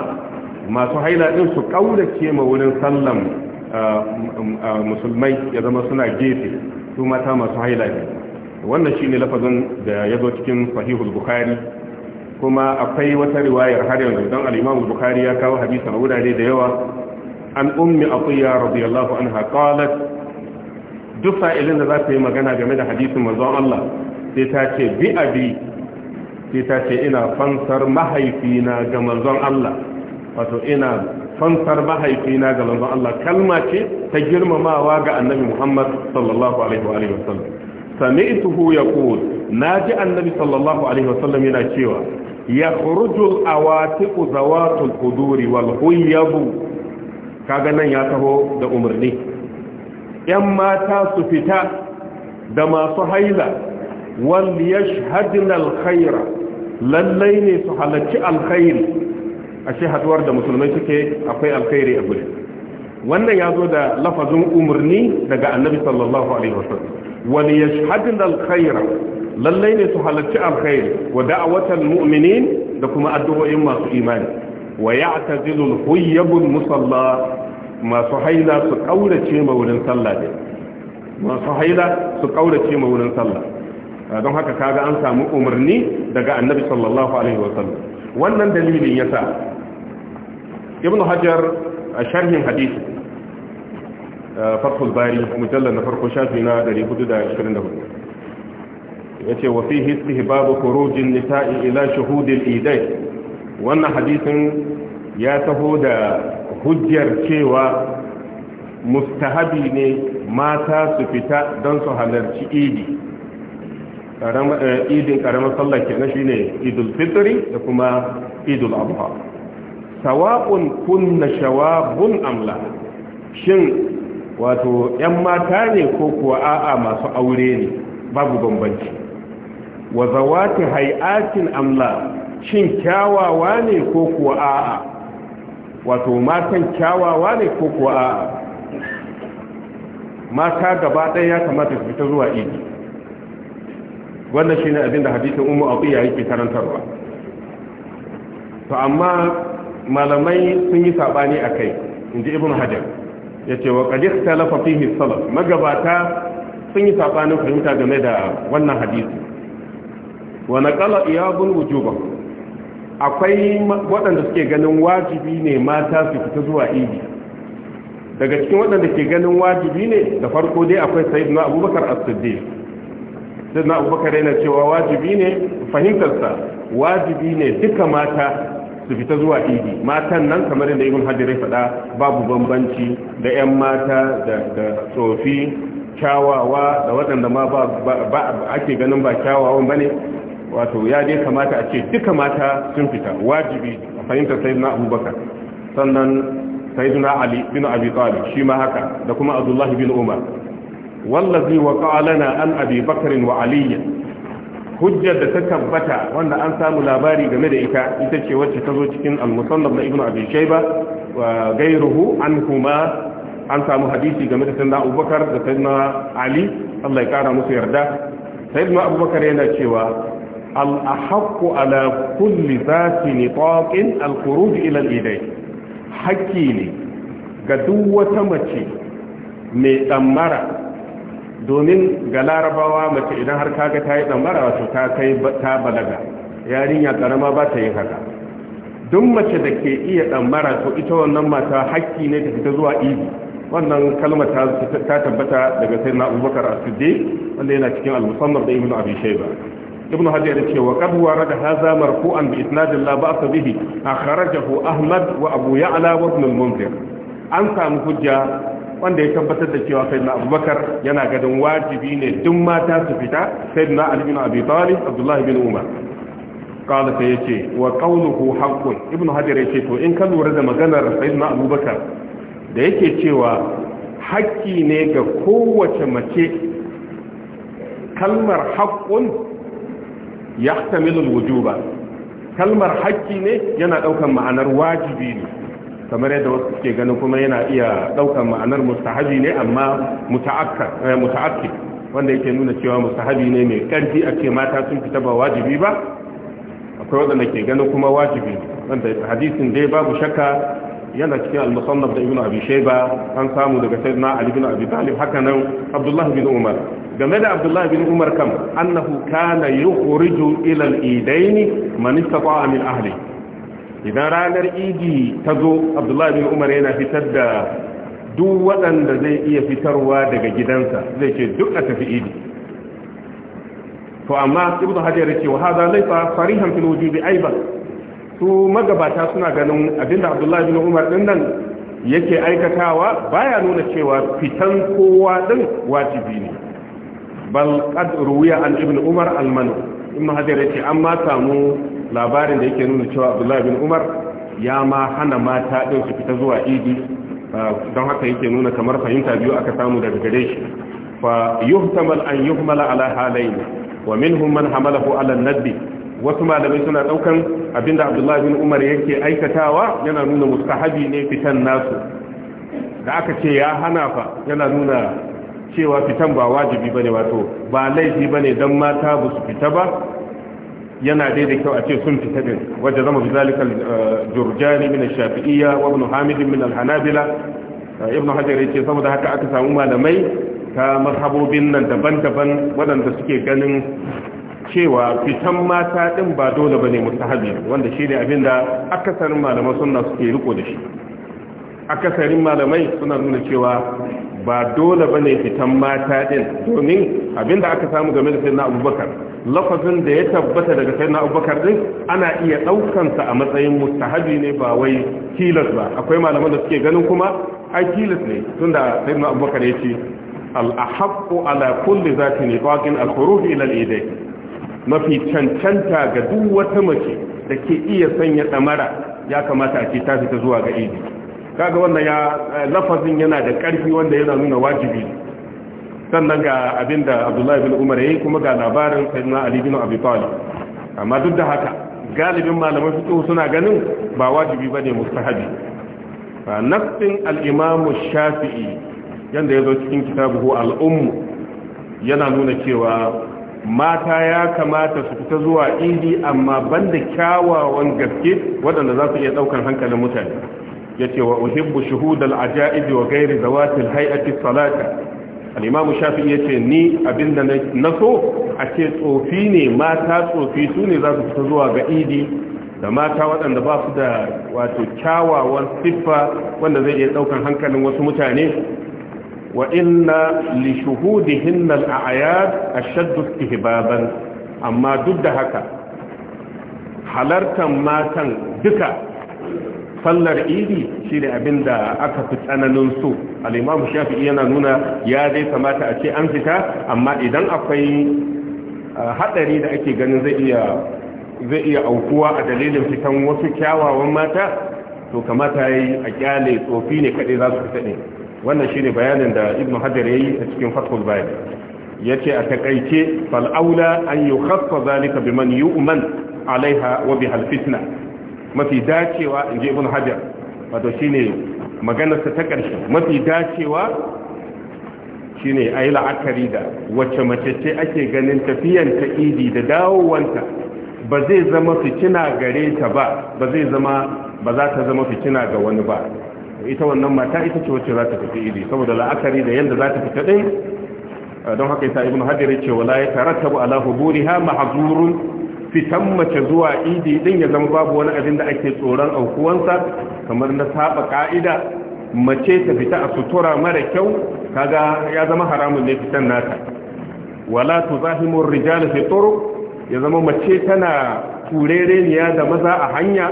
masu haila din su kaurace ma wurin sallan ah, mm, ah, musulmai ya zama suna gefe su mata masu haila ne wannan shine lafazin da ya zo cikin sahihul bukhari kuma akwai wata riwayar har yanzu don al-imam bukhari ya kawo hadisi a wurare da yawa an ummi atiya radiyallahu anha qalat duk sa'ilin da za ta yi magana game da hadisin manzon Allah sai ta ce bi a bi sai ta ce ina fansar mahaifina ga manzon Allah wato ina fansar mahaifina ga manzon Allah kalma ce ta girmamawa ga annabi Muhammad sallallahu alaihi wa alihi ya sami'tuhu na naji annabi sallallahu alaihi wasallam yana cewa ya yakhruju al-awatiqu zawatul quduri wal huyab kaga nan ya taho da umarni ‘yan mata su fita da masu haila wal yashhadin alkhaira lallai ne su halarci alkhairi a shi da musulmai suke akwai alkhairi a gudu wannan ya zo da lafazin umarni daga annabi sallallahu alaihi wasallam wal yashhadin alkhaira lallai ne su halarci alkhairi wa da'awatan mu'minin da kuma addu'o'in masu imani wa ya'tazilul huyyabul musalla masu haila su kaurace ma wurin sallah ne masu haila su kaurace ma wurin sallah ah, don haka kaga an samu umarni daga annabi sallallahu alaihi wa sallam wannan dalilin yasa ibnu hajar a sharhin hadisi ah, fathul bari mujallal na farko shafi na 424 yace wa fihi istihbab khuruj an-nisa'i ila shuhud al-idayn wannan hadisin ya taho da hujjar cewa mustahabi ne mata su fita don su halarci idi eh, idin karamar sallah shi shine idul fitri da kuma idul abuwa sawa'un kunna shawabun amla shin wato yan mata ne ko kuwa a'a masu aure ne babu bambanci wa zawati hay'atin amla shin kyawawa ne ko kuwa a'a wato matan kyawawa ne ko kuwa a mata gaba ɗaya ya kamata su fita zuwa idi wannan ne abin da umu a aqiya yake karantarwa to amma malamai sun yi saɓani in ji inji ibnu hajar ce wa qad talafa fihi salaf magabata sun yi saɓanin fahimta game da wannan hadisi wa iya iyabun wujubahu akwai waɗanda suke ganin wajibi ne mata su fita zuwa idi daga cikin waɗanda ke ganin wajibi ne da farko dai akwai sayid na abubakar as sayid na abubakar yana cewa wajibi ne fahimtarsa wajibi ne duka mata su fita zuwa idi matan nan kamar yadda ibn hajji ya faɗa babu bambanci da 'yan mata da tsofi kyawawa da waɗanda ma ba ake ganin ba kyawawan ba ne wato ya dai kamata a ce duka mata sun fita wajibi a fahimtar sayyidina abubakar sannan sayyidina ali bin abi talib shi ma haka da kuma abdullahi bin umar wallazi wa lana an abi bakarin wa aliyya hujjar da ta tabbata wanda an samu labari game da ita ita ce wacce ta zo cikin al-musannaf na ibnu abi shayba wa gairuhu an kuma an samu hadisi game da sayyidina abubakar da sayyidina ali Allah ya kara musu yarda sayyidina abubakar yana cewa al'ahakku ala kulli zati nitaqin al-khuruj ila al-idai haƙƙi ne ga duk wata mace mai ɗammara domin ga larabawa mace idan har kaga ta yi ɗammara wato ta kai ta balaga yarinya ƙarama ba ta yin haka duk mace da ke iya ɗammara to ita wannan mata hakki ne ta fita zuwa ibi wannan kalmar ta tabbata daga sai na abubakar a wanda yana cikin al-musamman da ibn abi shaiba Ibnu ibn hajar yace wa qad warada hadha marfu'an bi isnadin la ba'sa bihi akhrajahu ahmad wa abu ya'la wa ibn al-munzir an samu hujja wanda ya tabbatar da cewa sayyidina abubakar yana gadin wajibi ne duk mata su fita sayyidina ali bin abi talib abdullahi bin umar قال سيتي وقوله حق ابن حجر يتي تو إن كان ورد مغنر سيدنا أبو بكر da yake cewa haƙƙi ne ga kowace mace kalmar haƙƙun yahtamilu wujuba kalmar haƙƙi ne yana ɗaukan ma'anar wajibi ne kamar yadda wasu suke ganin kuma yana iya ɗaukan ma'anar mustahabi ne amma eh, muta'akkid wanda yake nuna cewa mustahabi ne mai ƙarfi a ce mata sun fita ba wajibi ba akwai waɗanda ke ganin kuma wajibi wanda hadisin dai babu shakka yana cikin al-musannaf da ibnu abi shayba an samu daga sayyidina ali ibn abi talib haka nan abdullahi bin umar game da abdullahi bin umar kam annahu kana yukhriju ila al-idaini man istata'a min ahli idan ranar idi ta zo abdullahi bin umar yana fitar da duk waɗanda zai iya fitarwa daga gidansa zai ce duk a tafi idi to amma ibnu hajar ya ce wa hadha laifa farihan fil wujubi aiban su magabata suna ganin abinda abdullahi bin umar din nan yake aikatawa baya nuna cewa fitan kowa din wajibi ne bal qad ruwiya an ibn umar al-manu ibn hajar an ma samu labarin da yake nuna cewa abdullahi bin umar ya ma hana mata din su fita zuwa idi don haka yake nuna kamar fahimta biyu aka samu daga gare shi fa yuhtamal an yuhmala ala halayn wa minhum man hamalahu ala an-nadbi wasu malamai suna daukan abinda abdullahi bin umar yake aikatawa yana nuna mustahabi ne fitan nasu da aka ce ya hana fa yana nuna cewa fitan ba wajibi bane wato ba laifi bane dan mata ba su fita ba yana dai da kyau a ce sun fita din wajen zama bizalika eh, jurjani min shafi'iyya wa ibn hamid min al-hanabila eh, ibn hajar yace saboda haka aka samu malamai ta mazhabobin nan daban-daban waɗanda suke ganin cewa fitan mata din ba dole bane mustahabi wanda shi ne abinda akasarin malaman sunna suke riko da shi akasarin malamai suna nuna cewa ba dole bane fitan mata din domin abinda aka samu game da sayyidina Abubakar lafazin da ya tabbata daga sayyidina Abubakar din ana iya daukan sa a matsayin mustahabi ne ba wai tilas ba akwai malaman da suke ganin kuma ai tilas ne tunda sayyidina Abubakar ya ce al-ahaqqu ala kulli zati niqaqin al-khuruj ila al-idayn mafi cancanta ga duk wata mace da ke iya sanya damara ya kamata a ce ta fita zuwa ga idi kaga wannan ya eh, lafazin yana da ƙarfi wanda yana nuna wajibi sannan ga abinda Abdullahi bin Umar ya yi kuma ga labarin Sayyidina Ali bin Abi Talib amma duk da haka galibin malaman fiqh suna ganin ba wajibi bane mustahabi fa nafsin al-Imam Shafi'i yanda yazo cikin kitabu al-Umm yana nuna cewa mata ya kamata su fita zuwa idi amma banda kyawawan gaske waɗanda za su iya ɗaukar hankalin mutane ya ce wa uhibbu shuhudal ajaibi wa gairi zawatil hay'ati salata al-imamu shafi'i yace ni abinda na so a ce tsofi ne mata tsofi su ne za su fita zuwa ga idi da mata waɗanda ba su da wato kyawawan siffa wanda zai iya ɗaukar hankalin wasu mutane wa inna li a al-a'yad ashaddu istihbaban amma duk da haka halartar matan duka sallar idi shi ne abin da aka fi tsananin so al'imamu shafi'i yana nuna ya zai kamata a ce an fita amma idan akwai hadari da ake ganin zai iya aukuwa a dalilin fitan wasu kyawawan mata to kamata ya yi a kyale tsofi ne kaɗai za su fita ne wannan shine bayanin da ibn hajar yayi a cikin fathul bari yace a takaice fal aula an yukhaffa zalika biman yu'man alaiha wa bihal fitna mafi dacewa inji ibn hajar wato shine maganar ta karshe mafi dacewa shine ayi la'akari da wacce mace ce ake ganin tafiyan ta idi da dawowanta ba zai zama fitina gare ta ba ba zai zama ba za ta zama fitina ga wani ba ita wannan mata ita ce wacce za ta tafi idi saboda la'akari da yadda za ta fita din ah, don haka yasa ibnu hajar ya ce wala ya tarattabu ala huburiha mahzurun fitan mace zuwa idi din ya zama babu wani abin da ake tsoron aukuwansa kamar na saba ka'ida mace ta fita a sutura mara kyau kaga ya zama haramun ne fitan nata wala tuzahimu rijal fi turuq ya zama mace tana turereniya da maza a hanya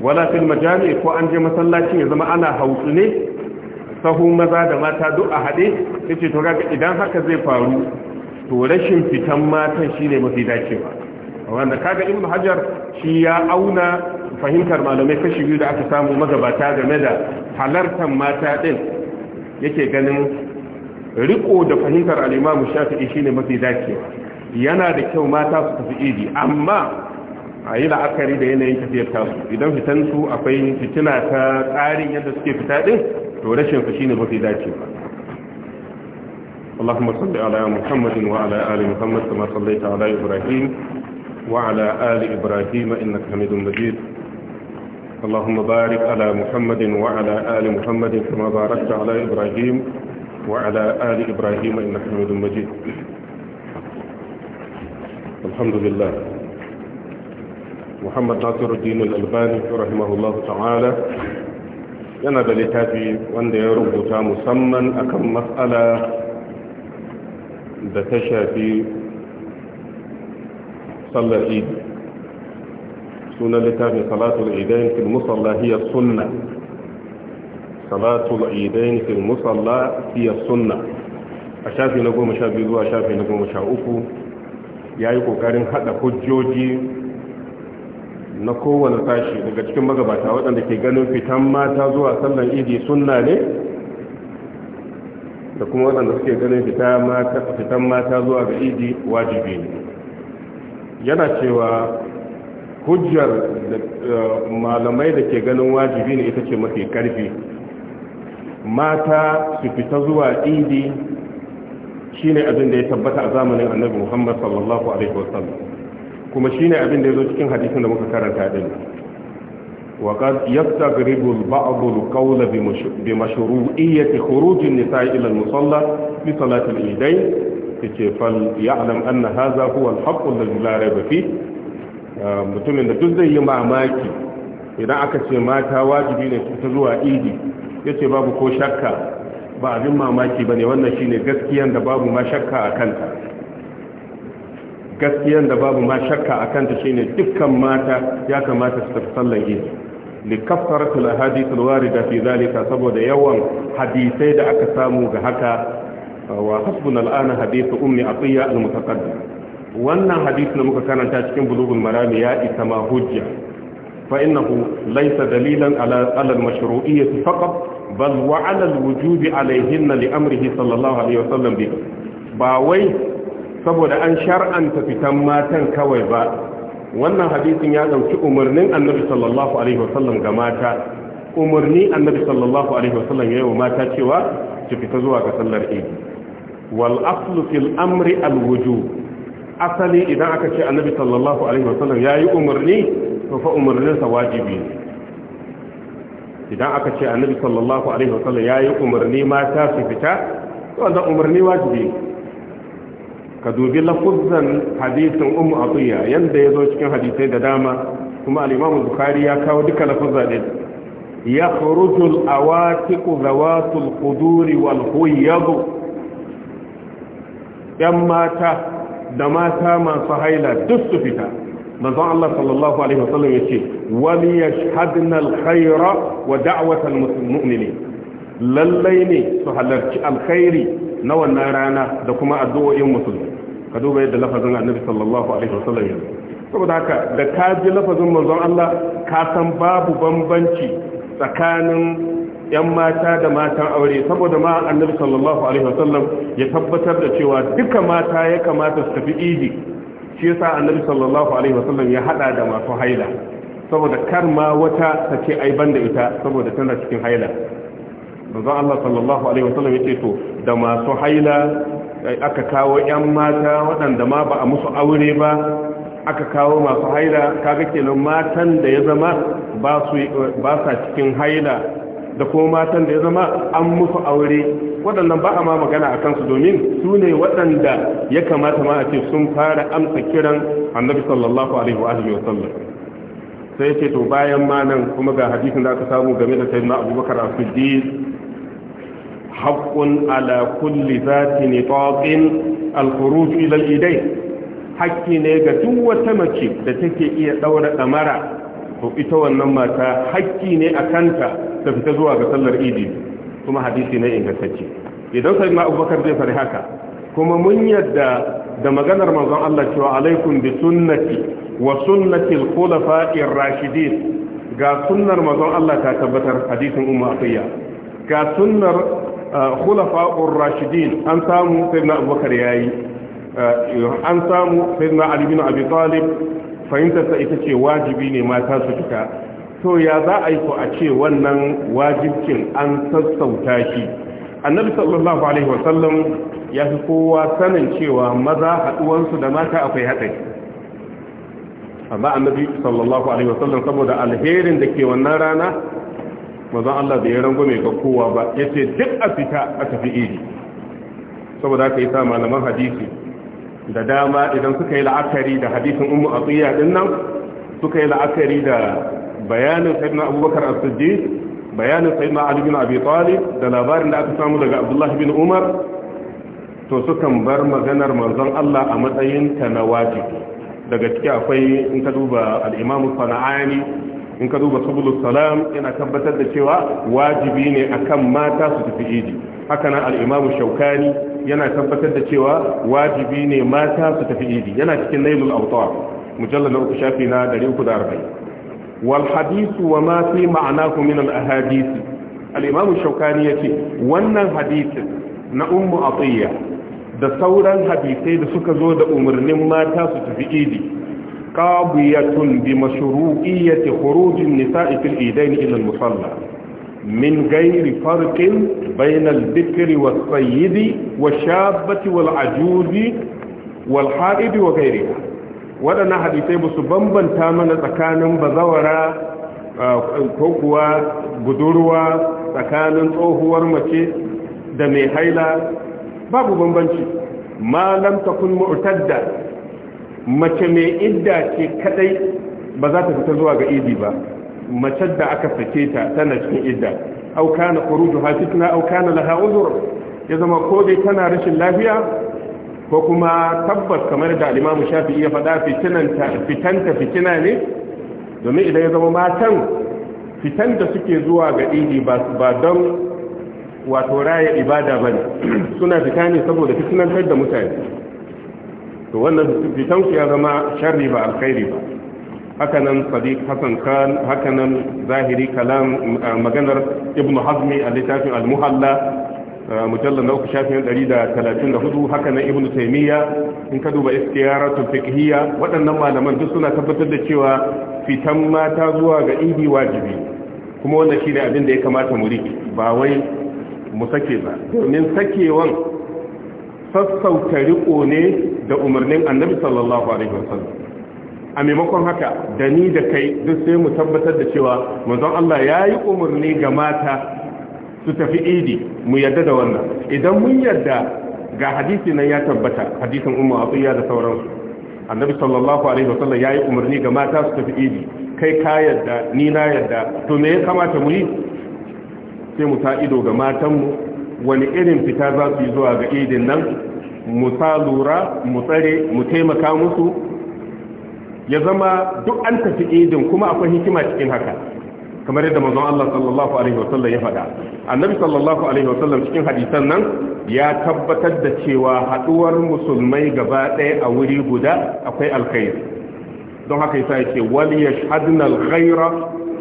wala fil majami ko an je masallaci ya zama ana hautsu ne sahu maza da mata duk a haɗe yace to kaga idan haka zai faru to rashin fitan matan shine mafi dacewa wanda kaga ibnu hajar shi ya auna fahimtar malamai kashi biyu da aka samu magabata game da halartar mata din yake ganin riko da fahimtar al'imamu shafi'i shine mafi dacewa yana da kyau mata su tafi idi amma a yi la'akari da yanayin tafiyar tasu idan fitansu akwai fitina ta tsarin yadda suke fita din to rashin su shine mafi dacewa اللهم صل على محمد وعلى آل محمد كما صليت على إبراهيم وعلى آل إبراهيم إنك حميد مجيد اللهم بارك على محمد وعلى آل محمد كما باركت على إبراهيم وعلى آل إبراهيم إنك حميد مجيد الحمد لله muhammad nasiru dinin albani rahimahullahu ta'ala yana da littafi wanda ya rubuta musamman akan matsala da ta shafi sallar idi Suna littafin salatul idain fil musalla hiya sunna salatul idain fil musalla hiya sunna a shafi na goma sha biyu zuwa shafi na goma sha uku ya yi ƙoƙarin haɗa hujjoji na kowane sashi daga cikin magabata waɗanda ke ganin fitan mata zuwa sallan idi sunna ne da kuma waɗanda suke ganin fitan mata zuwa ga idi wajibi ne yana cewa hujjar eh, malamai da ke ganin wajibi ne ita ce mafi karfi mata su fita zuwa idi shine abin da ya tabbata a zamanin annabi muhammad sallallahu alaihi wasallam kuma shine abin da ya zo cikin hadisin da muka karanta din wa qad yastaghribu al-ba'd al-qawla bi mashru'iyyati khuruj an ila al-musalla bi salati al yace fal ya'lam anna hadha huwa al-haqq alladhi la rayba fi mutumin da duk zai yi mamaki idan aka ce mata wajibi ne ta zuwa idi yace babu ko shakka ba abin mamaki bane wannan shine gaskiyan da babu ma shakka a kanta gaskiyan da babu ma shakka a kanta shine dukkan mata ya kamata su tafi sallar idi likaffaratul ahadith alwarida fi zalika saboda yawan hadisai da aka samu ga haka wa hasbuna al'ana hadith ummi atiya almutaqaddim wannan hadith da muka karanta cikin bulughul marami ya isa ma hujja fa innahu laysa dalilan ala ala almashru'iyyah faqat bal wa ala alwujub alayhinna li amrihi sallallahu alayhi wa sallam bi ba wai saboda an shar'anta fitan matan kawai ba wannan hadisin ya dauki umarnin annabi sallallahu alaihi wasallam ga mata umarni annabi sallallahu alaihi wasallam ya yi wa mata cewa ki fita zuwa ga sallar idi wal aslu fil amri al wujub asali idan aka ce annabi sallallahu alaihi wasallam ya yi umarni to fa umarnin sa wajibi idan aka ce annabi sallallahu alaihi wasallam ya yi umarni mata su fita to wannan umarni wajibi ka dubi lafuzan hadisin ummu atiya ya zo cikin hadisai da dama kuma al-imam bukhari ya kawo duka lafuzan din awatiku al-awatiq zawat al-qudur wal huyab yan mata da mata masu haila duk su fita manzon Allah sallallahu alaihi wasallam ce, wa ya al alkhaira wa da'wat al lallai ne su halarci alkhairi na wannan rana da kuma addu'o'in musulmi ka duba yadda lafazin annabi sallallahu alaihi wasallam ya saboda haka da ka ji lafazin manzon Allah ka san babu bambanci tsakanin yan mata da matan aure saboda ma annabi sallallahu alaihi wasallam ya tabbatar da cewa duka mata ya kamata su tafi idi shi yasa annabi sallallahu alaihi wasallam ya hada da masu haila saboda kar ma wata ta ce ai banda ita saboda tana cikin haila manzon Allah sallallahu alaihi wasallam ce to da masu haila aka kawo 'yan mata waɗanda ma ba a musu aure ba aka kawo masu haila kaga kenan matan da ya zama ba sa cikin haila da kuma matan da ya zama an musu aure waɗannan ba a ma magana a kansu domin su ne waɗanda ya kamata ma a ce sun fara amsa kiran annabi sallallahu alaihi wa sallam sai ce to bayan ma nan kuma ga hadisin da aka samu game da sayyidina abubakar as-siddiq haƙƙun ala kulli zati nitaqin al-khuruj ila al-idayn hakki ne ga duk wata mace da take iya daura mara. to ita wannan mata hakki ne a kanta ta fita zuwa ga sallar idi kuma hadisi ne ingantacce idan sai ma abubakar zai fari haka kuma mun yadda da maganar manzon Allah cewa alaikum bi sunnati wa sunnati al-khulafa'ir rashidin ga sunnar manzon Allah ta tabbatar hadisin ummu afiya ga sunnar khulafa'ur rashidin an samu sayyidina abubakar ya yi eh, an samu sayyidina ali bin abi talib fahimtarsa ita ce wajibi ne mata su fita to ya za a yi ko a ce wannan wajibcin an sassauta shi annabi sallallahu alaihi wasallam ya fi kowa sanin cewa maza haɗuwansu da mata akwai haɗari amma annabi sallallahu alaihi wasallam saboda alherin da ke wannan rana mazan Allah da ya rangume ga kowa ba ya ce duk a fita a tafi iri saboda aka yi sa malaman hadisi da dama idan suka yi la'akari da hadisin umu a tsiya din nan suka yi la'akari da bayanin sayyidina abubakar as-siddiq bayanin sayyidina ali bin abi talib da labarin da aka samu daga abdullahi bin umar to sukan bar maganar manzon Allah a matsayin ta na wajibi daga ciki akwai in ka duba al-imam sana'ani in ka duba subulus salam yana tabbatar da cewa wajibi ne akan mata su tafi idi haka nan al-imamu shaukani yana tabbatar da cewa wajibi ne mata su tafi idi yana cikin nailul awtar mujallal uku shafi na 340 wal hadithu wa ma fi ma'nahu min al ahadith al-imamu shaukani yace wannan hadisin na ummu atiya da sauran hadisai da suka zo da umarnin mata su tafi idi qadiyatun bi mashru'iyyati khuruj an-nisa'i fil idayn ila al-musalla min ghairi farqin bainal al-bikri was-sayyidi wash-shabbati wal-ajuzi wal-ha'idi wa ghayriha wadannan hadisai ba bambanta mana tsakanin bazawara ko kuwa budurwa tsakanin tsohuwar mace da mai haila babu bambanci ma lam takun mu'tadda mace mai idda ce kadai ba za ta fita zuwa ga idi ba mace da aka sake ta tana cikin idda au kana khurujuha fitna au kana laha uzur ya zama ko dai tana rashin lafiya ko kuma tabbas kamar da al-Imam Shafi'i ya faɗa fitinanta fitanta fitina ne domin idan ya zama matan fitan da suke zuwa ga idi ba ba don wato raya ibada bane suna fita ne saboda fitinantar da mutane to wannan fitansu ya zama sharri ba alkhairi ba hakanan sadiq hasan khan hakanan zahiri kalam ah, maganar ibn hazmi a littafin al-muhalla ah, mujallal na uku shafin 134 hakanan ibn taymiya in ka duba istiyaratul fiqhiyya waɗannan malaman duk suna tabbatar da cewa fitan mata zuwa ga indi wajibi kuma wannan shine abin da ya kamata mu riki ba wai mu sake ba domin sakewan sassauta riko ne da umarnin annabi sallallahu alaihi wasallam a maimakon haka da ni da kai duk sai mu tabbatar da cewa manzon Allah ya yi umarni ga mata su tafi idi mu yadda da wannan idan mun yadda ga hadisi nan ya tabbata hadisin ummu atiya da sauransu annabi sallallahu alaihi wasallam ya yi umarni ga mata su tafi idi kai ka yadda ni na yadda to me ya kamata mu yi sai mu sa ido ga matanmu wani irin fita za su yi zuwa ga idin nan mu sa lura mu tsare mu taimaka musu ya zama duk an tafi idin kuma akwai hikima cikin haka kamar yadda manzon Allah sallallahu alaihi wasallam ya faɗa annabi sallallahu alaihi wasallam cikin hadisan nan ya tabbatar da cewa haɗuwar musulmai gaba ɗaya a wuri guda akwai alkhair don haka yasa yake wal yashhadna alkhaira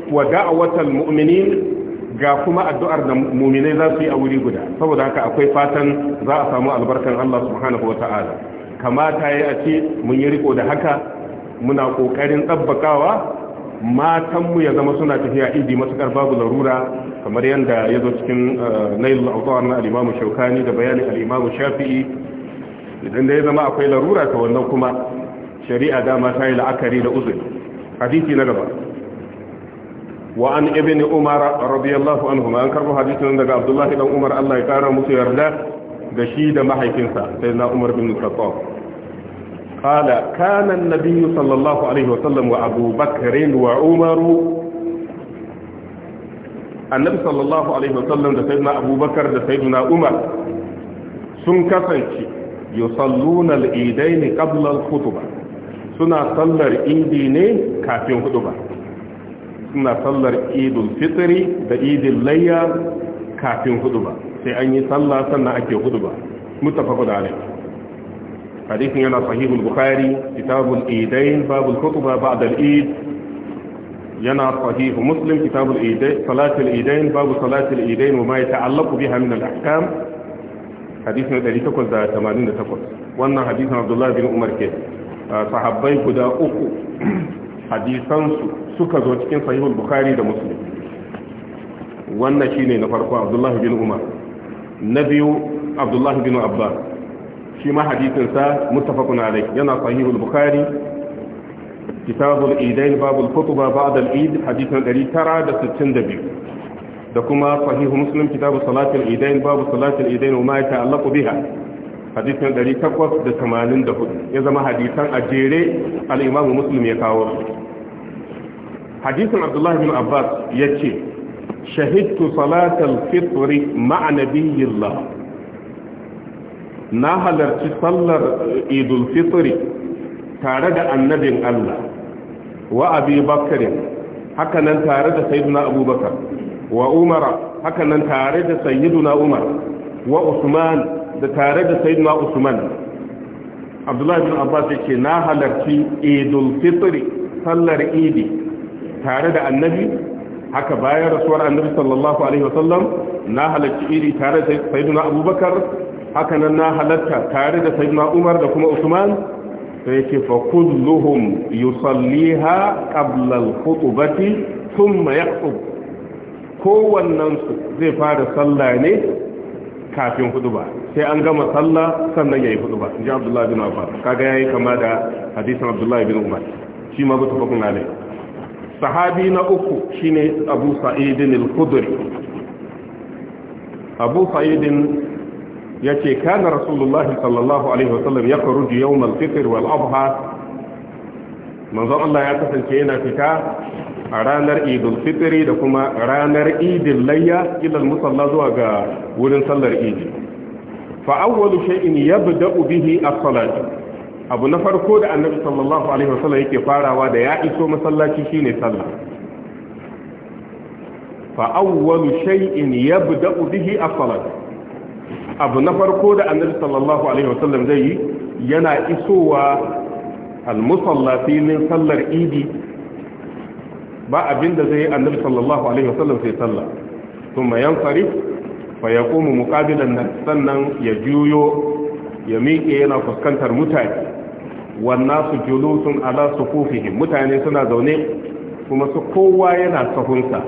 wa da'watal mu'minin ga kuma addu'ar da muminai za su yi a wuri guda saboda haka akwai fatan za a samu albarkan Allah subhanahu wa ta'ala kamata ya a ce mun yi riko da haka muna ƙoƙarin tsabbakawa matanmu ya zama suna tafiya idi matukar babu larura kamar yadda ya zo cikin eh, nail al'adawar na al'imamu shaukani da bayanin al'imamu shafi'i idan da ya zama akwai larura ta wannan kuma shari'a dama ta yi la'akari da uzuri hadisi na gaba wa an ibn umar radiyallahu anhu an karbo hadisin daga abdullahi dan umar Allah ya kara musu yarda da shi da mahaifinsa sai umar bin khattab qala kana an-nabiy sallallahu alaihi wasallam wa abu wa umar annabi sallallahu alaihi wasallam da sayyidina abubakar da sayyidina umar sun kasance yusalluna al-idaini qabla al ba suna sallar indi ne kafin ba. suna sallar idul fitri da idil layya kafin ba sai an yi sallah sannan ake huduba mutafaku da alai hadisin yana sahihul bukhari kitabul idain babul khutba ba'da al-eid yana sahihu muslim kitabul idain salatul idain babu salatul idain wa ma yata'allaqu biha min al-ahkam hadisin 888 wannan hadisin abdullahi bin umar ke ah, sahabbai guda uku hadisansu suka zo cikin sahihul bukhari da muslim wannan shine na farko abdullah bin umar na biyu abdullah bin abbas shi ma hadisinsa mutafakun alayh yana sahihul bukhari kitabul idain babul khutba ba'da al-eid hadisin 962 da kuma sahihu muslim kitabu salatul idain babu salatul idain wa ma ta'allaqu biha hadisin 884 ya zama hadisan a jere al'imamu muslim ya kawo hadisin abdullahi bin abbas ya ce shahidtu salatar fitri ma'a na halarci sallar idul fitri tare da annabin Allah wa abi bakarin hakanan tare da sayyiduna abubakar wa umara hakanan tare da sayyiduna umar wa usman da tare da sayyidina usman abdullahi bin abbas yake na halarci idul fitri sallar idi tare da annabi haka bayan rasuwar annabi sallallahu alaihi wasallam na halarci idi tare da sayyidina abubakar haka nan na halarta tare da sayyidina umar da kuma usman sai yake fa kulluhum yusalliha qabla al-khutbati thumma yaqub kowannen su zai fara sallah ne kafin hudu ba sai an gama sallah sannan ya yi hudu ba in ji abdullahi bin abbas kaga ya yi kama da hadisan abdullahi bin umar shi ma mutu fakun alai sahabi na uku shine abu sa'idin al-khudri abu sa'idin yace kana rasulullahi sallallahu alaihi wasallam ya kharuju yawm al-fitr wal adha manzo Allah ya kasance yana fita a ranar idul fitri da kuma ranar idil layya ilal musalla zuwa ga wurin sallar idi fa awwalu shay'in yabda'u bihi as-salat abu na farko da annabi sallallahu alaihi wasallam yake farawa da ya iso masallaci shine sallah fa awwalu shay'in yabda'u bihi as-salat abu na farko da annabi sallallahu alaihi wasallam zai yi yana isowa al-musalla min sallar idi ba abin da zai yi annabi sallallahu alaihi wasallam sai sallah kuma fari fa yaqumu muqabilan nan sannan ya juyo ya miƙe yana fuskantar mutane wannan su sun ala sufufihim mutane suna zaune kuma su kowa yana sahunsa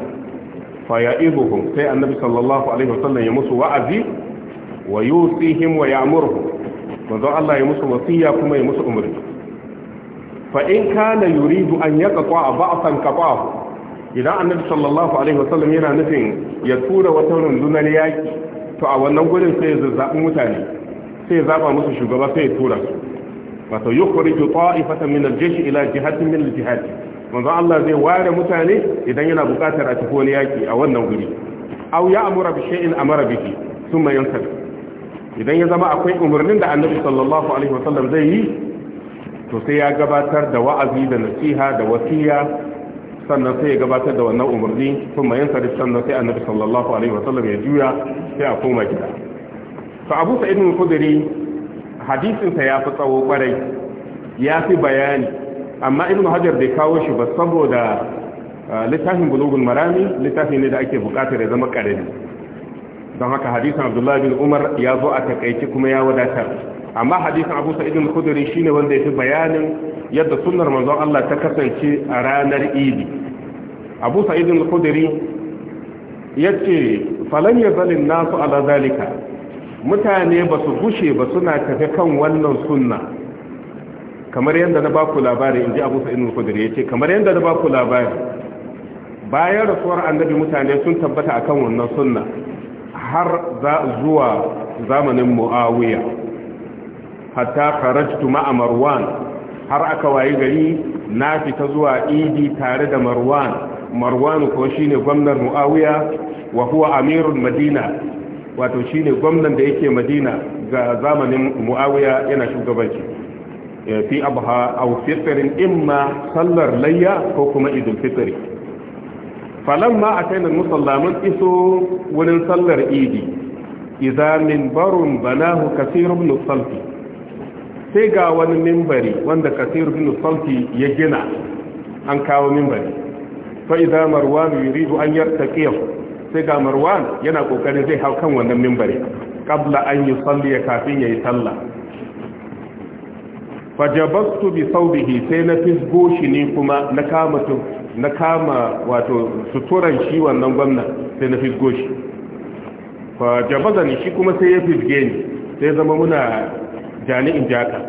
fa ya'iduhum sai annabi sallallahu alaihi wasallam ya musu wa'azi wa yusihim wa ya'muruhum manzo Allah ya musu wasiya kuma ya musu umarni fa in kana yuridu an yaqta ba'san qafahu idan annabi sallallahu alaihi wasallam yana nufin ya tura wata rundunar yaƙi. to a wannan gurin sai ya mutane sai zaɓa musu shugaba sai ya tura su wato yukhriju ta'ifatan min al-jaysh ila jihatin min al-jihad manzo Allah zai ware mutane idan yana buƙatar a tafi wani yaƙi a wannan guri aw ya'muru bi shay'in amara bihi thumma yansab idan ya zama akwai umarnin da annabi sallallahu alaihi wasallam zai yi to sai ya gabatar da wa'azi da nasiha da wasiya sannan sai ya gabatar da wannan umarni sun mayan sannan sai annabi sallallahu alaihi wasallam ya juya sai a koma gida to abu sa'id bin hadisin ya fi tsawo kwarai ya fi bayani amma ibnu hajar bai kawo shi ba saboda littafin bulugun marami littafi ne da ake bukatar ya zama karami don haka hadisin abdullahi bin umar ya zo a takaici kuma ya wadatar amma hadisin abu sa'id kudurin shi ne wanda ya fi bayanin yadda sunar manzon Allah ta kasance a ranar idi abu kudurin ya ce falon ya zalin nasu ala zalika mutane ba su gushe ba suna tafi kan wannan sunna kamar yadda na baku labari in ji abu sa'id kudurin ya ce kamar yadda na baku labari bayan rasuwar annabi mutane sun tabbata akan wannan sunna har zuwa zamanin muawiya hatta kharajtu ma'a marwan har aka wayi gari na fita zuwa idi tare da marwan marwan ko shine gwamnan muawiya wa huwa amirul madina wato shine gwamnan da yake madina ga zamanin muawiya yana shugabanci eh, fi abha aw fitrin imma sallar layya ko kuma idul fitri falamma ataina musallaman iso wurin sallar idi idza min barun banahu kaseer ibn sai ga wani mimbari wanda kasir bin sauki ya gina an kawo mimbari fa idza marwan yuridu an yartaqiya sai ga marwan yana kokarin zai hau kan wannan mimbari qabla an yusalli kafin yayi sallah fajabastu bi saubihi sai na fisgo shi ne kuma na kama na kama wato suturan shi wannan gwamna sai na fisgo shi fajabaza ni shi kuma sai ya fisge ni sai zama muna jani in jaka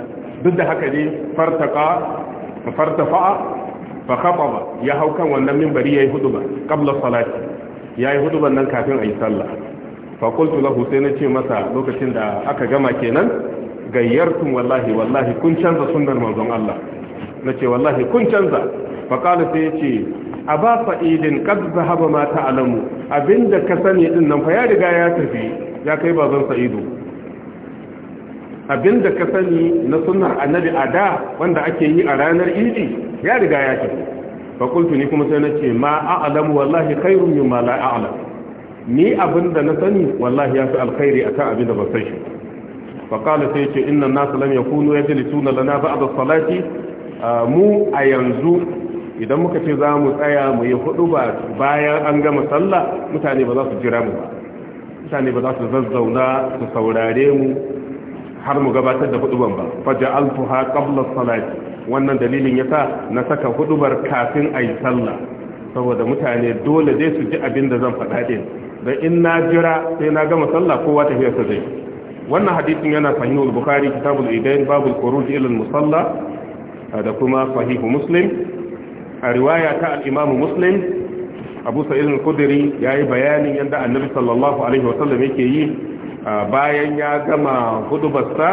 duk da haka ne fartaka fartafa'a fa ba ya hau kan wannan yi hudu ba qabla salati yayi huduban nan kafin ayi sallah fa qultu na ce masa lokacin da aka gama kenan gayyartun wallahi wallahi kun canza sunnar manzon Allah nace wallahi kun canza fa qala sai yace aba fa'idin qad zahaba mata alamu abinda ka sani din nan fa ya riga ya tafi ya kai baban sa'idu Abin da ka sani na a annabi a da wanda ake yi a ranar idi ya riga ya ce fa ni kuma sai na ce ma a'lamu wallahi khairum ma la a'lam ni abinda na sani wallahi ya fi alkhairi akan abinda ban san shi fa sai ce inna an ya lam yakunu yajlisuna lana ba'da salati mu a yanzu idan muka ce za mu tsaya mu yi hudu ba bayan an gama sallah mutane ba za su jira mu ba mutane ba za su zazzauna su saurare mu har mu gabatar da huduban ba faja'altuha qabla salati wannan dalilin yasa na saka hudubar kafin ayi sallah saboda mutane dole dai su ji abin da zan faɗa din da in na jira sai na gama sallah kowa ta sa zai wannan hadisin yana sahihul bukhari kitabul idain babul khuruj ila musalla da kuma sahihu muslim a riwaya ta al-imam muslim abu sa'id al-khudri yayi bayanin yanda annabi sallallahu alaihi wasallam yake yi bayan ya gama ya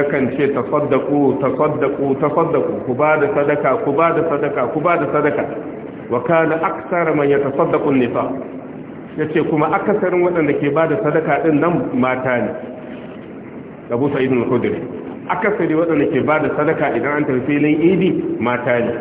yakan ce tafaddaku tafaddaku tafaddaku ku ba da sadaka ku ba da sadaka ku ba da sadaka wa kana aksara man tafaddaku nifa Ya ce kuma akasarin waɗanda ke ba da sadaka din nan mata ne Abu Sa'id al-Khudri akasari waɗanda ke ba da sadaka idan an tafi filin idi mata ne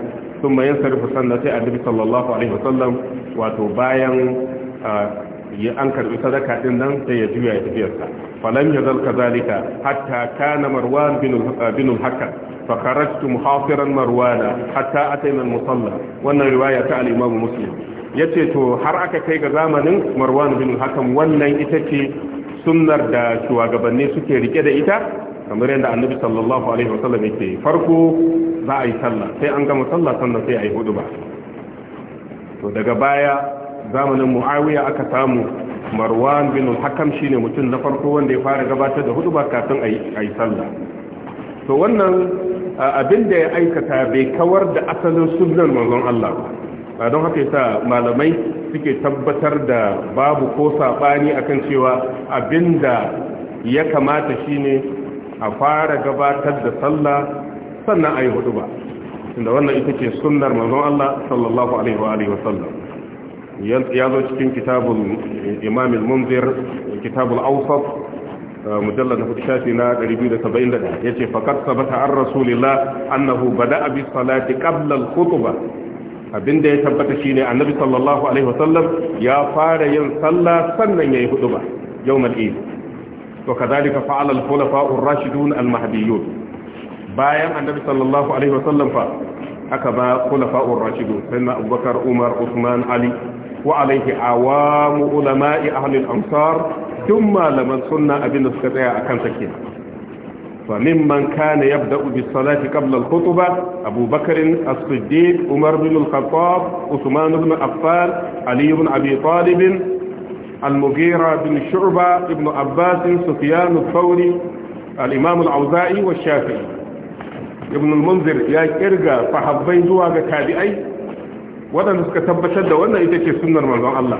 sun bayan sarrafa sannan sai annabi sallallahu alaihi wasallam wato bayan ah, ya an karbi sadaka din nan sai ya juya ya tafiyarsa falam ya zalka zalika hatta kana marwan bin ah, al-hakam fa kharajtu muhafiran marwana hatta atayna al-musalla wannan riwaya ta al-imam muslim yace to har aka kai ga zamanin marwan bin hakan wannan ita ce sunnar da shugabanni suke rike da ita kamar yadda annabi sallallahu alaihi wasallam yake farko za a yi sallah sai an gama sallah sannan sai a yi hudu ba to daga baya zamanin muawiya aka samu marwan bin hakam shine mutum na farko wanda ya fara gabatar da hudu ba kafin ayi sallah to wannan abin da ya aikata bai kawar da asalin sunnar manzon Allah ba don haka yasa malamai suke tabbatar da babu ko sabani akan cewa abinda ya kamata shine a fara gabatar da sallah sannan ayi hudu ba inda wannan ita ce sunnar manzon Allah sallallahu alaihi wa alihi wa sallam ya zo cikin kitabun imam al-munzir kitabul awsat mujallad na shafi na 271 yace faqad sabata an rasulillah annahu bada'a bis salati qabla al-khutbah abinda ya tabbata shine annabi sallallahu alaihi wasallam ya fara yin sallah sannan yayi hutuba yawmal eid to kadhalika fa'ala al-khulafa'ur rashidun al-mahdiyun bayan annabi sallallahu alaihi wasallam fa aka ba khulafa'ur rashidun sayyidina abubakar umar usman ali wa alaihi awamu ulama'i ahlul amsar duk malaman sunna abin da suka tsaya akan sa kenan fa mimman kana yabda'u bis salati qabla al khutbah Abu Bakr as Umar bin al-Khattab Uthman ibn Affan Ali ibn Abi al-Mughira bin Shu'ba ibn Abbas Sufyan al-Thawri al auzai wa Shafi'i ibn munzir ya kirga sahabbai zuwa ga kabi'ai? waɗanda suka tabbatar da wannan ita ce sunnar manzon Allah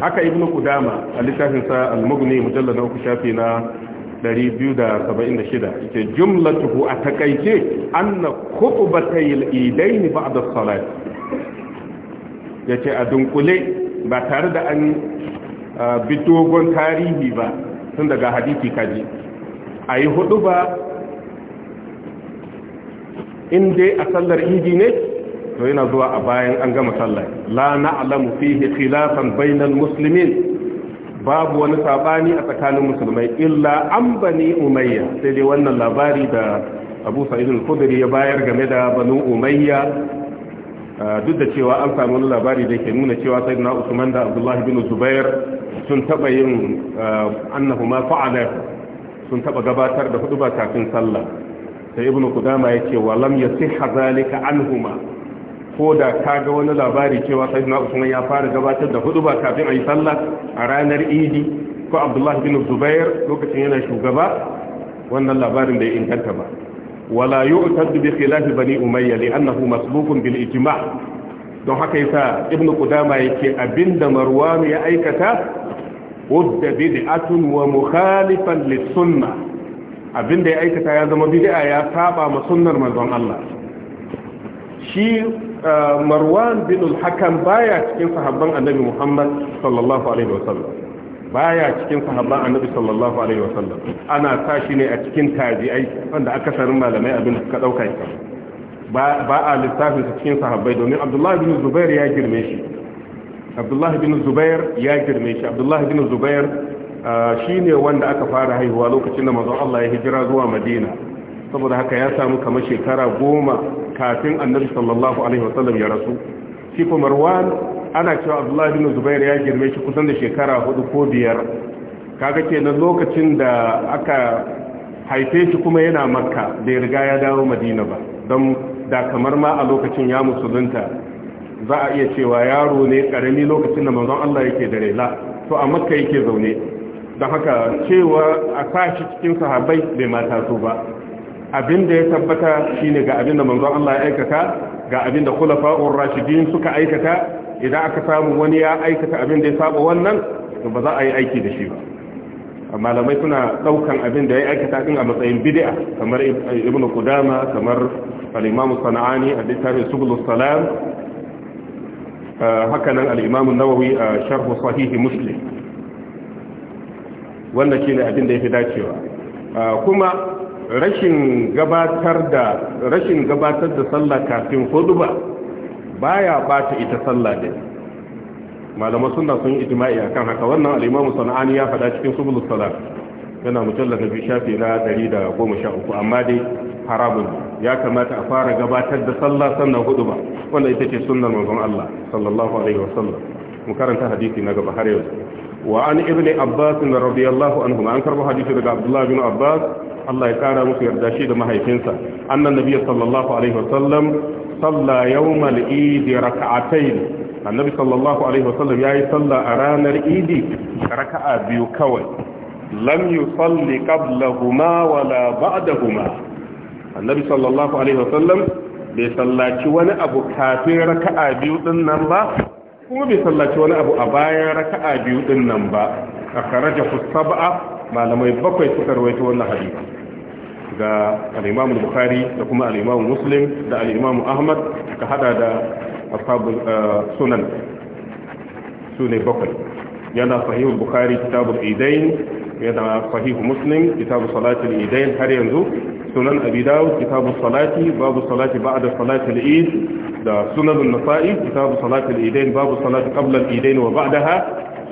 haka ibn Kudama a littafin sa al-mughni mujallad na uku shafi na 276 yake jumlatuhu a takaice anna khutbatayil idain ba'da salat yace a dunkule ba tare da an bi dogon tarihi ba tun daga hadisi kaji ayi hudu ba in dai a sallar idi ne to yana zuwa a bayan an gama sallah la na'lamu fihi khilafan bainal muslimin babu wani sabani a tsakanin musulmai illa an bani umayya sai dai wannan labari da abu sa'id al-khudri ya bayar game da banu umayya duk da cewa an samu wani labari da ke nuna cewa sayyidina usman da abdullahi bin zubair sun taba yin annahu ma fa'ala sun taba gabatar da hudu ba kafin sallah sai ibnu qudama yake wa lam yasihha zalika anhuma ko da ka ga wani labari cewa na usman ya fara gabatar da hudu ba kafin a yi sallah a ranar idi ko abdullahi bin zubair lokacin yana shugaba wannan labarin ya inganta ba wala yu'tad bi khilaf bani umayya annahu masbuqun bil ijma' don haka yasa ibnu kudama yake abinda marwan ya aikata wadda bid'atun wa mukhalifan lis-sunnah abinda ya aikata ya zama bid'a ya saba ma sunnar manzon Allah shi marwan bin al-hakam baya cikin sahabban annabi muhammad sallallahu alaihi wasallam baya cikin sahabban annabi sallallahu alaihi wasallam ana tashi ne a cikin tabi'ai wanda aka akasarin malamai abin suka dauka kan ba a lissafin su cikin sahabbai domin abdullahi bin zubair ya girme shi abdullahi bin zubair ya girme shi abdullahi bin zubair shine wanda aka fara haihuwa lokacin da manzon Allah ya hijira zuwa madina saboda haka ya samu kamar shekara goma kafin annabi sallallahu alaihi wasallam ya rasu shi ko marwan ana cewa abdullahi bin zubair ya girme shi kusan da shekara hudu ko biyar kaga kenan lokacin da aka haife shi kuma yana makka bai riga ya dawo madina ba don da kamar ma a lokacin ya musulunta za a iya cewa yaro ne karami lokacin da manzon Allah yake da raila to a makka yake zaune don haka cewa a sa shi cikin sahabbai bai mata so ba abin da ya tabbata shine ga abin da manzon Allah ya aikata ga abin da khulafa'ur rashidin suka aikata idan aka samu wani ya aikata abin da ya saba wannan to ba za a yi aiki da shi ba malamai suna daukan abin da ya aikata din a matsayin bid'a kamar ibnu qudama kamar al-imam sanani a littafin subulus salam ah, haka nan al-imam an-nawawi a sharh sahih muslim wannan shine abin da ya fi dacewa ah, kuma rashin gabatar da rashin gabatar da sallah kafin huduba baya bata ita sallah dai. malama sunna sun ijma'i akan haka wannan al-imamu sana'ani ya faɗa cikin subul salat yana mujallal na shafi na 113 amma dai haramun ya kamata a fara gabatar da sallah sannan huduba wannan ita ce sunnar manzon Allah sallallahu alaihi wasallam mu hadisi na gaba har yanzu wa an ibni abbas radiyallahu anhu an karbo hadisi daga abdullahi bin abbas Allah ya kara musu yarda shi da mahaifinsa annan nabiyyi sallallahu alaihi wasallam salla yawmal eid rak'atayn annabi sallallahu alaihi wasallam yayi salla a ranar idi raka'a biyu kawai lam yusalli qablahuma wala ba'dahuma annabi sallallahu alaihi wasallam bai sallaci wani abu kafin raka'a biyu ɗinnan ba kuma bai sallaci wani abu a bayan raka'a biyu din nan ba a karaja sab'a malamai bakwai suka rawaito wannan hadisi ga al-Imam Bukhari da kuma al-Imam Muslim da al-Imam Ahmad ka hada da ashabul eh, sunan sune bakwai yana sahih Bukhari kitabul idain yana sahihu muslim kitabu salatul idain har yanzu sunan abi dawud kitabu salati babu salati ba'da salatul id da sunan an-nasa'i kitabu salatul idain babu salati qabla al-idain wa ba'daha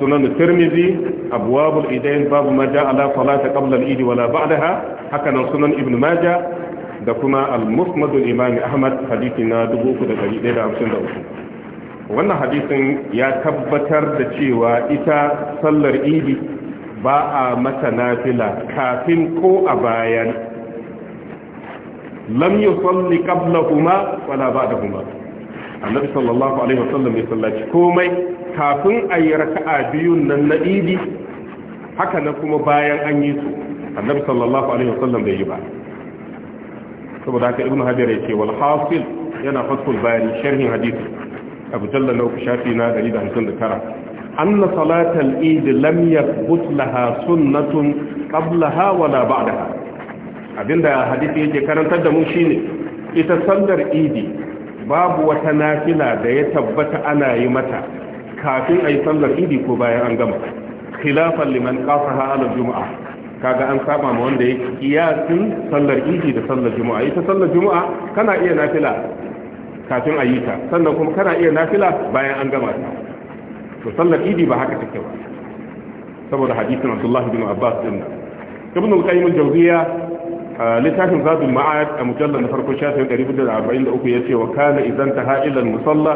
sunan tirmidhi abwab al-idain babu ma ja'a ala salati qabla al-id wa la ba'daha haka nan sunan ibn majah da kuma al-musnad al-imam ahmad hadisi na 3153 wannan hadisin ya tabbatar da cewa ita sallar idi ba a masa nafila kafin ko a bayan lam kabla qablahuma wala ba'dahuma annabi sallallahu alaihi wasallam ya sallaci komai kafin a ayi raka'a biyun nan na idi haka na kuma bayan an yi su annabi sallallahu alaihi wasallam bai yi ba saboda haka ibn hajar ya ce wal hasil yana fatul bayani sharhin hadisi abu jalla na uku shafi na 159 anna salatal eid lam yathbut laha sunnatun qablaha wala ba'daha abinda hadisi yake karantar da mu shine ita sallar idi babu wata nafila da ya tabbata ana yi mata kafin ayi sallar idi ko bayan an gama khilafan liman juma'a kaga an saba ma wanda yake kiyasin sallar idi da sallar juma'a ita sallar juma'a kana iya nafila kafin ayyuka sannan kuma kana iya nafila bayan an gama ta to sallar idi ba haka take ba saboda hadisin abdullahi bin Abbas din ibn al-Qayyim al jawziya littafin Zadul Ma'ad a mujallar na farko shafin 143 yace wa kana idan ta ila al-musalla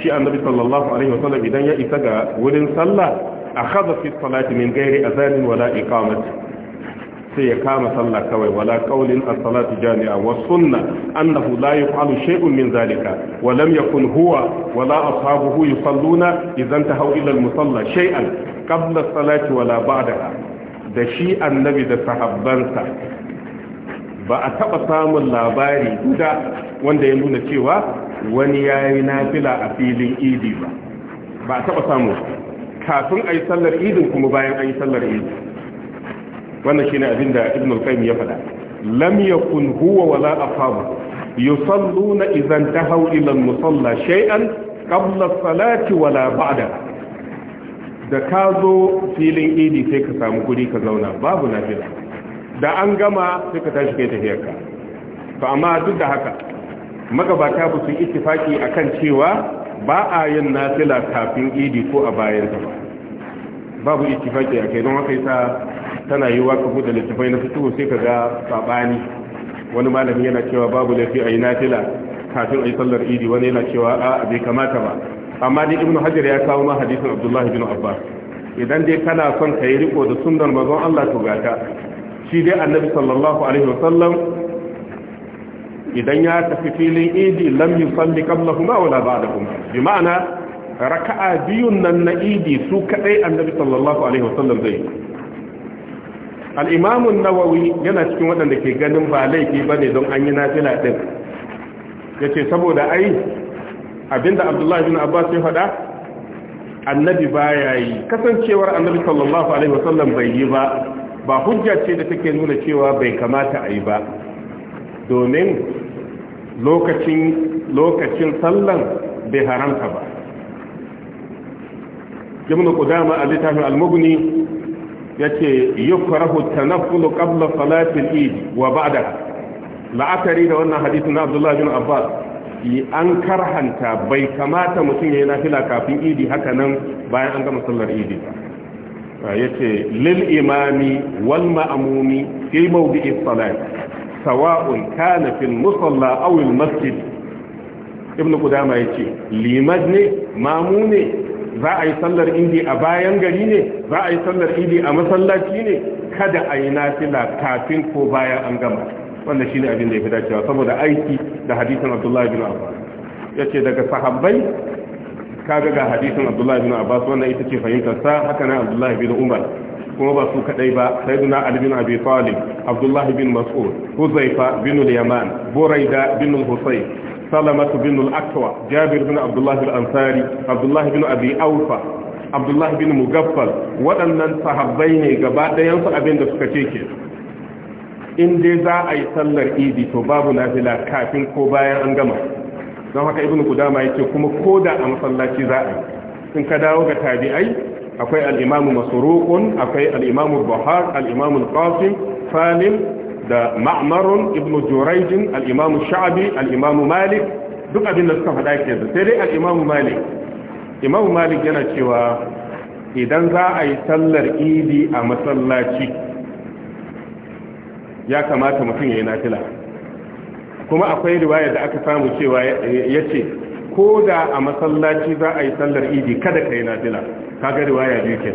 shi annabi sallallahu alaihi wasallam idan ya isa ga wurin sallah akhadha fi salati min ghairi adhan wala iqamati sai ya kama sallah kawai wala qaulin a salatu jami'a wa sunna annahu la falu shaikun min zalika wa lam yakun huwa wala ashabuhu falluna idan ta hau ilal musalla shay'an kabla as wala ba'daha da shi annabi da sahabbansa ba a taɓa samun labari guda wanda ya nuna cewa wani yi nafila a filin idi ba ba a taɓa samu kafin yi sallar idin kuma bayan yi sallar idin wannan shine abin da ibn al-qayyim ya faɗa lam yakun huwa wala afabu yusalluna idan tahaw ila al-musalla shay'an qabla as-salati wala ba'da da ka zo filin idi sai ka samu guri ka zauna babu nafila da an gama sai ka tashi kai tafiyarka to amma duk da haka magabata ba su ittifaki akan cewa ba a yin nafila kafin idi ko a bayan ta ba babu ittifaki a kai don haka yasa tana yiwuwa ka buɗe littafai na fito sai ka ga sabani wani malami yana cewa babu lafi a yi nafila kafin a yi sallar idi wani yana cewa a bai kamata ba amma dai ibnu hajar ya kawo ma hadisin abdullahi bin abbas idan dai kana son ka yi riko da sunnar mazan allah to gata shi dai annabi sallallahu alaihi wasallam idan ya tafi filin idi lam yusalli qablahuma wala ba'dahuma bi ma'ana raka'a biyun nan na idi su kadai annabi sallallahu alaihi wasallam zai al-imam an-nawawi yana cikin waɗanda ke ganin ba laifi bane don an yi nafila din yace saboda ai abinda abdullahi bin abbas ya faɗa annabi baya yi kasancewar annabi sallallahu alaihi wasallam bai yi ba ba hujja ce da take nuna cewa bai kamata a yi ba domin lokacin lokacin sallan bai haramta ba ibn qudama a littafin almugni mughni yace yukrahu tanaffulu qabla salati al-eid wa ba'da la'akari da wannan hadisin Abdullahi bin Abbas an karhanta bai kamata mutum na nafila kafin idi haka nan bayan an gama sallar idi yace lil imami wal ma'mumi fi mawdi'i salat sawa'un kana fil musalla aw al masjid ibn qudama yace limad ne mamu ne za a yi sallar indi a bayan gari ne za a yi sallar indi a masallaci ne kada a yi nafila kafin ko bayan an gama wanda shine abin da ya fi dacewa saboda aiki da hadisin abdullahi bin abbas yace daga sahabbai kaga ga hadisin abdullahi bin abbas wannan ita ce fahimtar sa haka na abdullahi bin umar kuma ba su kadai ba sayyiduna ali bin abi talib abdullahi bin mas'ud huzaifa bin yaman buraida bin husayn سلمة بن الأكوى جابر بن عبد الله الأنصاري عبد الله بن أبي أوفى عبد waɗannan sahabbai ne gaba ɗayan su abin da suka ce ke in dai za a yi sallar idi to babu nafila kafin ko bayan an gama don haka ibnu kudama yake kuma ko da a masallaci za a yi in ka dawo ga tabi'ai akwai al-imamu akwai al'imamu imamu bahar al-imamu salim da ma'amarun ibn juraijin al’imamu sha'abi al’imamu malik duk abin da suka faɗa ke da sai dai Al'imamu malik imamu malik yana cewa idan za a yi sallar idi a masallaci ya kamata mutum ya yi nafila kuma akwai riwaya da aka samu cewa ya ce ko da a masallaci za a yi sallar idi kada ka yi nafila kaga riwaya biyu ke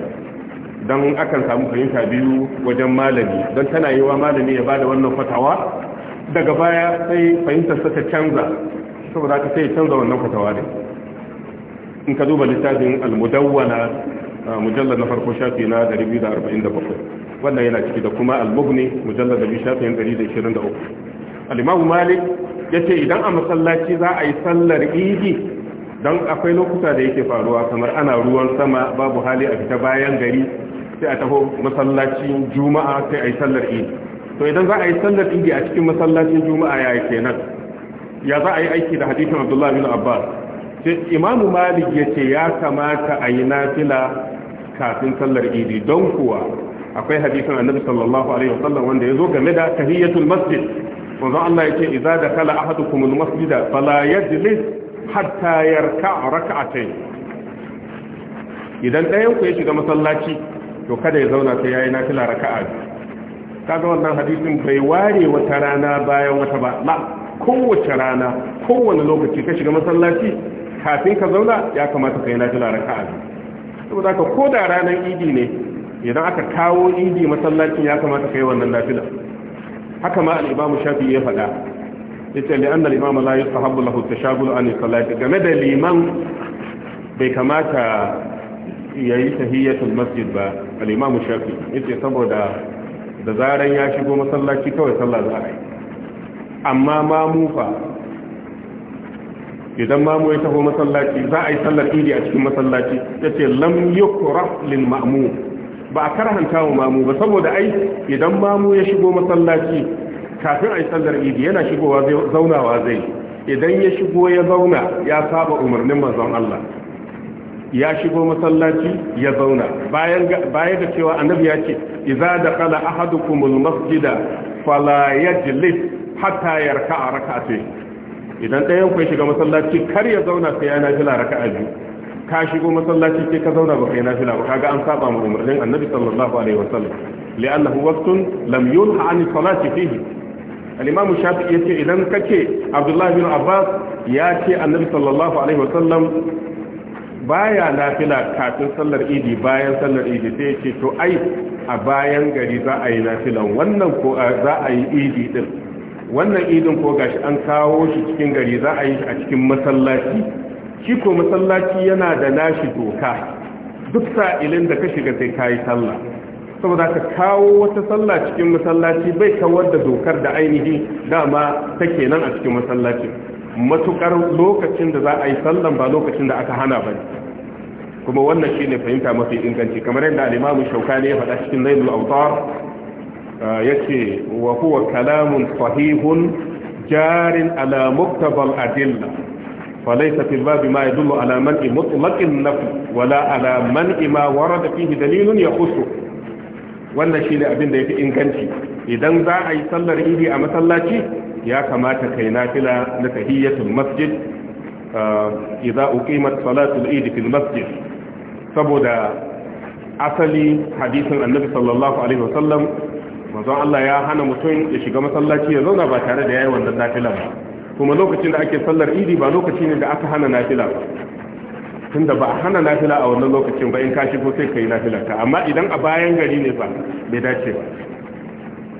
don akan samu fahimta biyu wajen malami don tana yi wa malami ya bada wannan fatawa daga baya sai fahimtarsa ta canza saboda ka sai canza wannan fatawa ne in ka duba littafin almudawwana mujallar na farko shafi na 247 wannan yana ciki da kuma almugni mujallar da biyu shafi 123 alimamu malik ya ce idan a masallaci za a yi sallar idi don akwai lokuta da yake faruwa kamar ana ruwan sama babu hali a fita bayan gari sai a taho masallacin juma'a sai a yi sallar idi to idan za a yi sallar idi a cikin masallacin juma'a ya yi kenan ya za a yi aiki da hadisin abdullahi bin abbas sai imamu malik ya ce ya kamata a yi nafila kafin sallar idi don kuwa akwai hadisin annabi sallallahu alaihi wasallam wanda ya zo game da tahiyatul masjid wanzan Allah ya ce iza da kala ahadukumul masjida fala yajlis hatta yarka rak'atayn idan ɗayan ku ya shiga masallaci to kada ya zauna sai yayi nafila raka'a kaga wannan hadisin bai ware wata rana bayan wata ba ma kowace rana kowane lokaci ka shiga masallaci kafin ka zauna ya kamata ka yi nafila raka'a saboda ka koda ranar idi ne idan aka kawo idi masallacin ya kamata ka yi wannan nafila haka ma al-imamu shafi'i ya faɗa yace li anna al-imama la yustahabbu lahu at an salati game da liman bai kamata yayi tahiyatul masjid ba al-imam shafi yace saboda da zaran ya shigo masallaci kawai sallah za a yi amma mamu fa idan mamu ya taho masallaci za a yi sallar idi a cikin masallaci yace lam yukra lil ma'mum ba a karhanta wa mamu ba saboda ai idan mamu ya shigo masallaci kafin a yi sallar idi yana shigowa zaunawa zai idan ya shigo ya zauna ya saba umarnin manzon Allah ya shigo masallaci ya zauna bayan baya da cewa annabi ya ce idza dakala ahadukumul masjida fala yajlis hatta yarka'a rak'atayn idan ɗayan ku shiga masallaci kar ya zauna sai ya nafila raka'a biyu ka shigo masallaci sai ka zauna baka yi nafila ba kaga an saba mu umarnin annabi sallallahu alaihi wasallam li'annahu waqtun lam yunha an salati fihi al-imam shafi'i yace idan kace abdullahi bin abbas ya ce annabi sallallahu alaihi wasallam baya nafila kafin sallar idi bayan sallar idi sai ce to ai a bayan gari za a yi nafilan wannan ko za a yi idi din wannan idin ko gashi an kawo shi cikin gari za a yi a cikin masallaci shi ko masallaci yana da nashi doka duk sa'ilin da ka shiga sai kayi sallah saboda ka kawo wata sallah cikin masallaci bai kawar da dokar da ainihi dama take nan a cikin masallacin matukar lokacin da za a yi sallan ba lokacin da aka hana ba kuma wannan ne fahimta mafi inganci kamar yadda al shauka ne ya faɗa cikin Lailul Awtar ah, yace wa huwa kalamun sahihun jarin ala muktabal adilla فليس في ya ما يدل على منع مطلق Wala ولا على منع ما ورد dalilun ya يخصه wannan shine abin da yake inganci idan za a yi sallar idi a masallaci ya kamata kai nafila na tahiyyatul masjid uh, idza uqimat salatul eid fil masjid saboda asali hadisin annabi sallallahu alaihi wasallam manzo Allah ya hana mutum ya shiga masallaci ya zauna ba tare da yayin wannan nafila ba kuma lokacin da ake sallar idi ba lokaci ne da aka hana nafila ba tunda ba a hana nafila a wannan lokacin ba in ka shigo sai kai nafila ka amma idan a bayan gari ne ba bai dace ba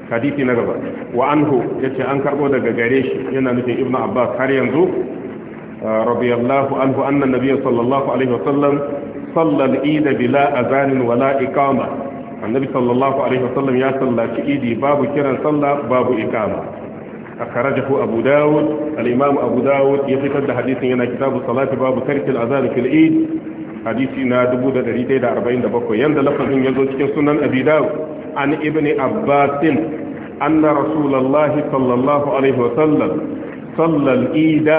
hadisi na gaba wa anhu ce an karbo daga gare shi yana nufin Ibn abbas har yanzu ah, radiyallahu anhu annan nabiyyi sallallahu alaihi wasallam salla al-eid bila azan wala iqama annabi sallallahu alaihi wa sallam ya sallaci idi babu kiran sallah babu iqama akhrajahu abu dawud al-imam abu dawud ya fitar da hadisin yana kitabu salati babu tarki al-azan fil eid hadisi na 1147 yanda lafazin yazo cikin sunan abi dawud عن ابن عباس أن رسول الله صلى الله عليه وسلم صلى الإيد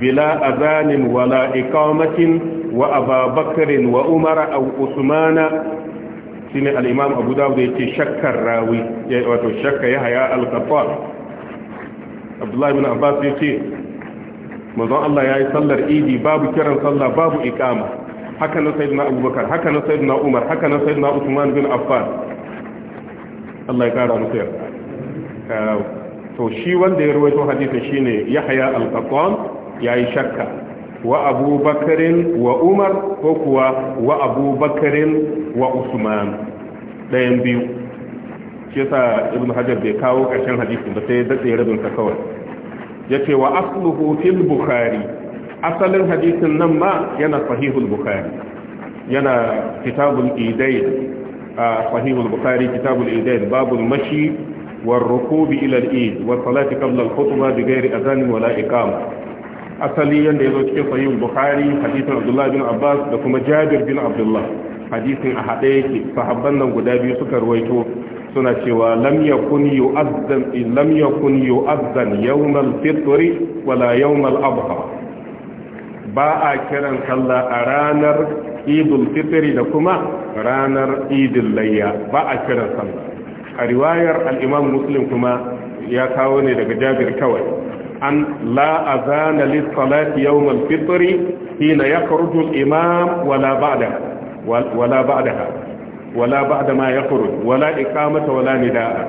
بلا أذان ولا إقامة وأبا بكر وأمر أو أثمان سنة الإمام أبو داود يتي شك الراوي وتشك يحيى القطار عبد الله بن عباس يتي manzon Allah ya yi sallar idi babu kiran sallah babu ikama haka na sayyidina abubakar haka na sayyidina umar haka na sayyidina usman bin affan Allah ya kara musu yarda uh, to shi wanda ya rawaito hadisin shine Yahya al-Qattan yayi shakka wa Abu Bakarin wa Umar ko kuwa wa Abu Bakarin wa Usman dayan biyu shi yasa Ibn Hajar bai kawo karshen hadisin ba sai daɗe rabin sa kawai yace wa asluhu fil Bukhari asalin hadisin nan ma yana sahihul Bukhari yana kitabul idain a sahihu al-bukhari kitabul idad babul mashi war rukubi ila al-id wa salati qabla al-khutba bi ghairi adhan wa la asali yanda yazo cikin sahihu al-bukhari hadith bin abbas da kuma jabir bin abdullah hadithin a hade yake sahabban nan guda biyu suka ruwaito suna cewa lam yakun yu'azzan lam yakun yu'azzan yawm al-fitr ba a kiran kalla a ranar idul fitri da kuma ranar idul layya ba a kiran sallah a riwayar al muslim kuma ya kawo ne daga jabir kawai an la azana lis salati yawm al-fitr hina yakhruju al-imam wala ba'da wala ba'daha wala ba'da ma yakhruj wala iqamata wala nidaa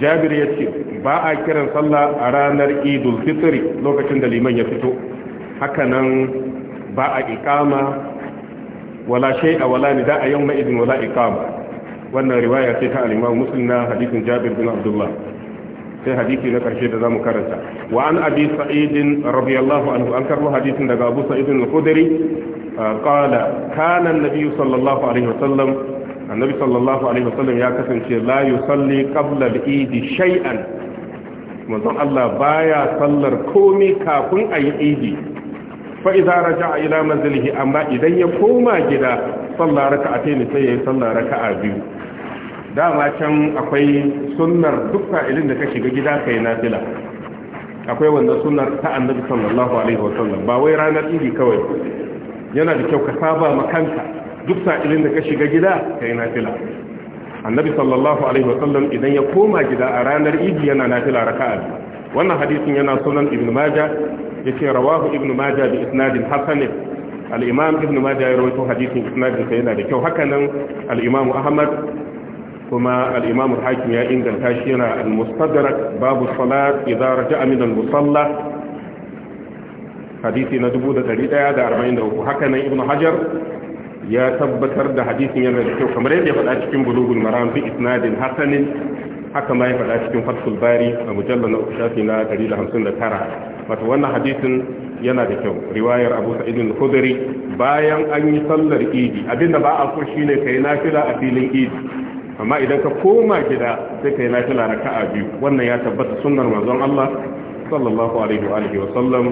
jabir yace ba a kiran sallah a ranar idul fitr lokacin da liman ya fito Haka nan ba a iqama wala a wala nida'a yawma idin wala iqama wannan riwaya ce ta al-Imam Muslim na hadisin Jabir bin Abdullah sai hadisi na karshe da zamu karanta wa an abi sa'id radiyallahu anhu an karbo hadisin daga Abu Sa'id al-Khudri qala kana an-nabiy sallallahu alaihi wasallam annabi sallallahu alaihi wasallam ya kasance la yusalli qabla al-eid shay'an manzon Allah baya sallar komai kafin ayi idi fa idza a ila manzilihi amma idan ya koma gida sallah raka'atayn sai ya sallah a biyu dama can akwai sunar duk fa'ilin da ka shiga gida ka yi nafila akwai wannan sunar ta annabi sallallahu alaihi wasallam ba wai ranar idi kawai yana da kyau ka saba ma kanka duk sa'ilin da ka shiga gida ka yi nafila annabi sallallahu alaihi wasallam idan ya koma gida a ranar idi yana nafila raka'a biyu wannan hadisin yana sunan ibn majah yake rawahu ibn majah bi isnadin hasan al-imam ibn majah ya rawaito hadisin isnadin sa yana da kyau haka nan al-imam ahmad kuma al-imam al-hakim ya inganta shi yana al-mustadrak babu salat idza raja'a min al-musalla hadisi na 1143 haka nan ibn hajar ya tabbatar da hadisin yana da kyau kamar yadda ya faɗa cikin bulugul maram bi isnadin hasanin haka ma ya faɗa cikin fathul bari a mujallar na uku shafi na 159 wato wannan hadisin yana da kyau riwayar abu sa'id al-khudri bayan an yi sallar idi abinda ba a so shine kai nafila a filin idi amma idan ka koma gida sai kai nafila raka'a biyu wannan ya tabbata sunnar manzon Allah sallallahu alaihi wa alihi wa sallam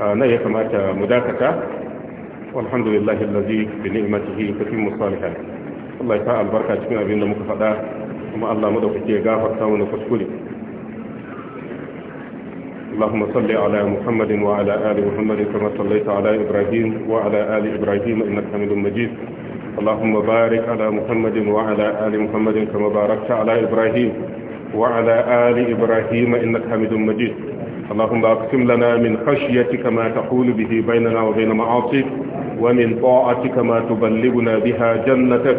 ah, na ya kamata mu dakata walhamdulillahi allazi bi ni'matihi tatimmu salihan Allah ya ta albarka cikin abin da muka faɗa kuma Allah mu da kuke gafarta mana kuskure اللهم صل على محمد وعلى آل محمد كما صليت على إبراهيم وعلى آل إبراهيم إنك حميد مجيد اللهم بارك على محمد وعلى آل محمد كما باركت على إبراهيم وعلى آل إبراهيم إنك حميد مجيد اللهم أقسم لنا من خشيتك ما تحول به بيننا وبين معاصيك ومن طاعتك ما تبلغنا بها جنتك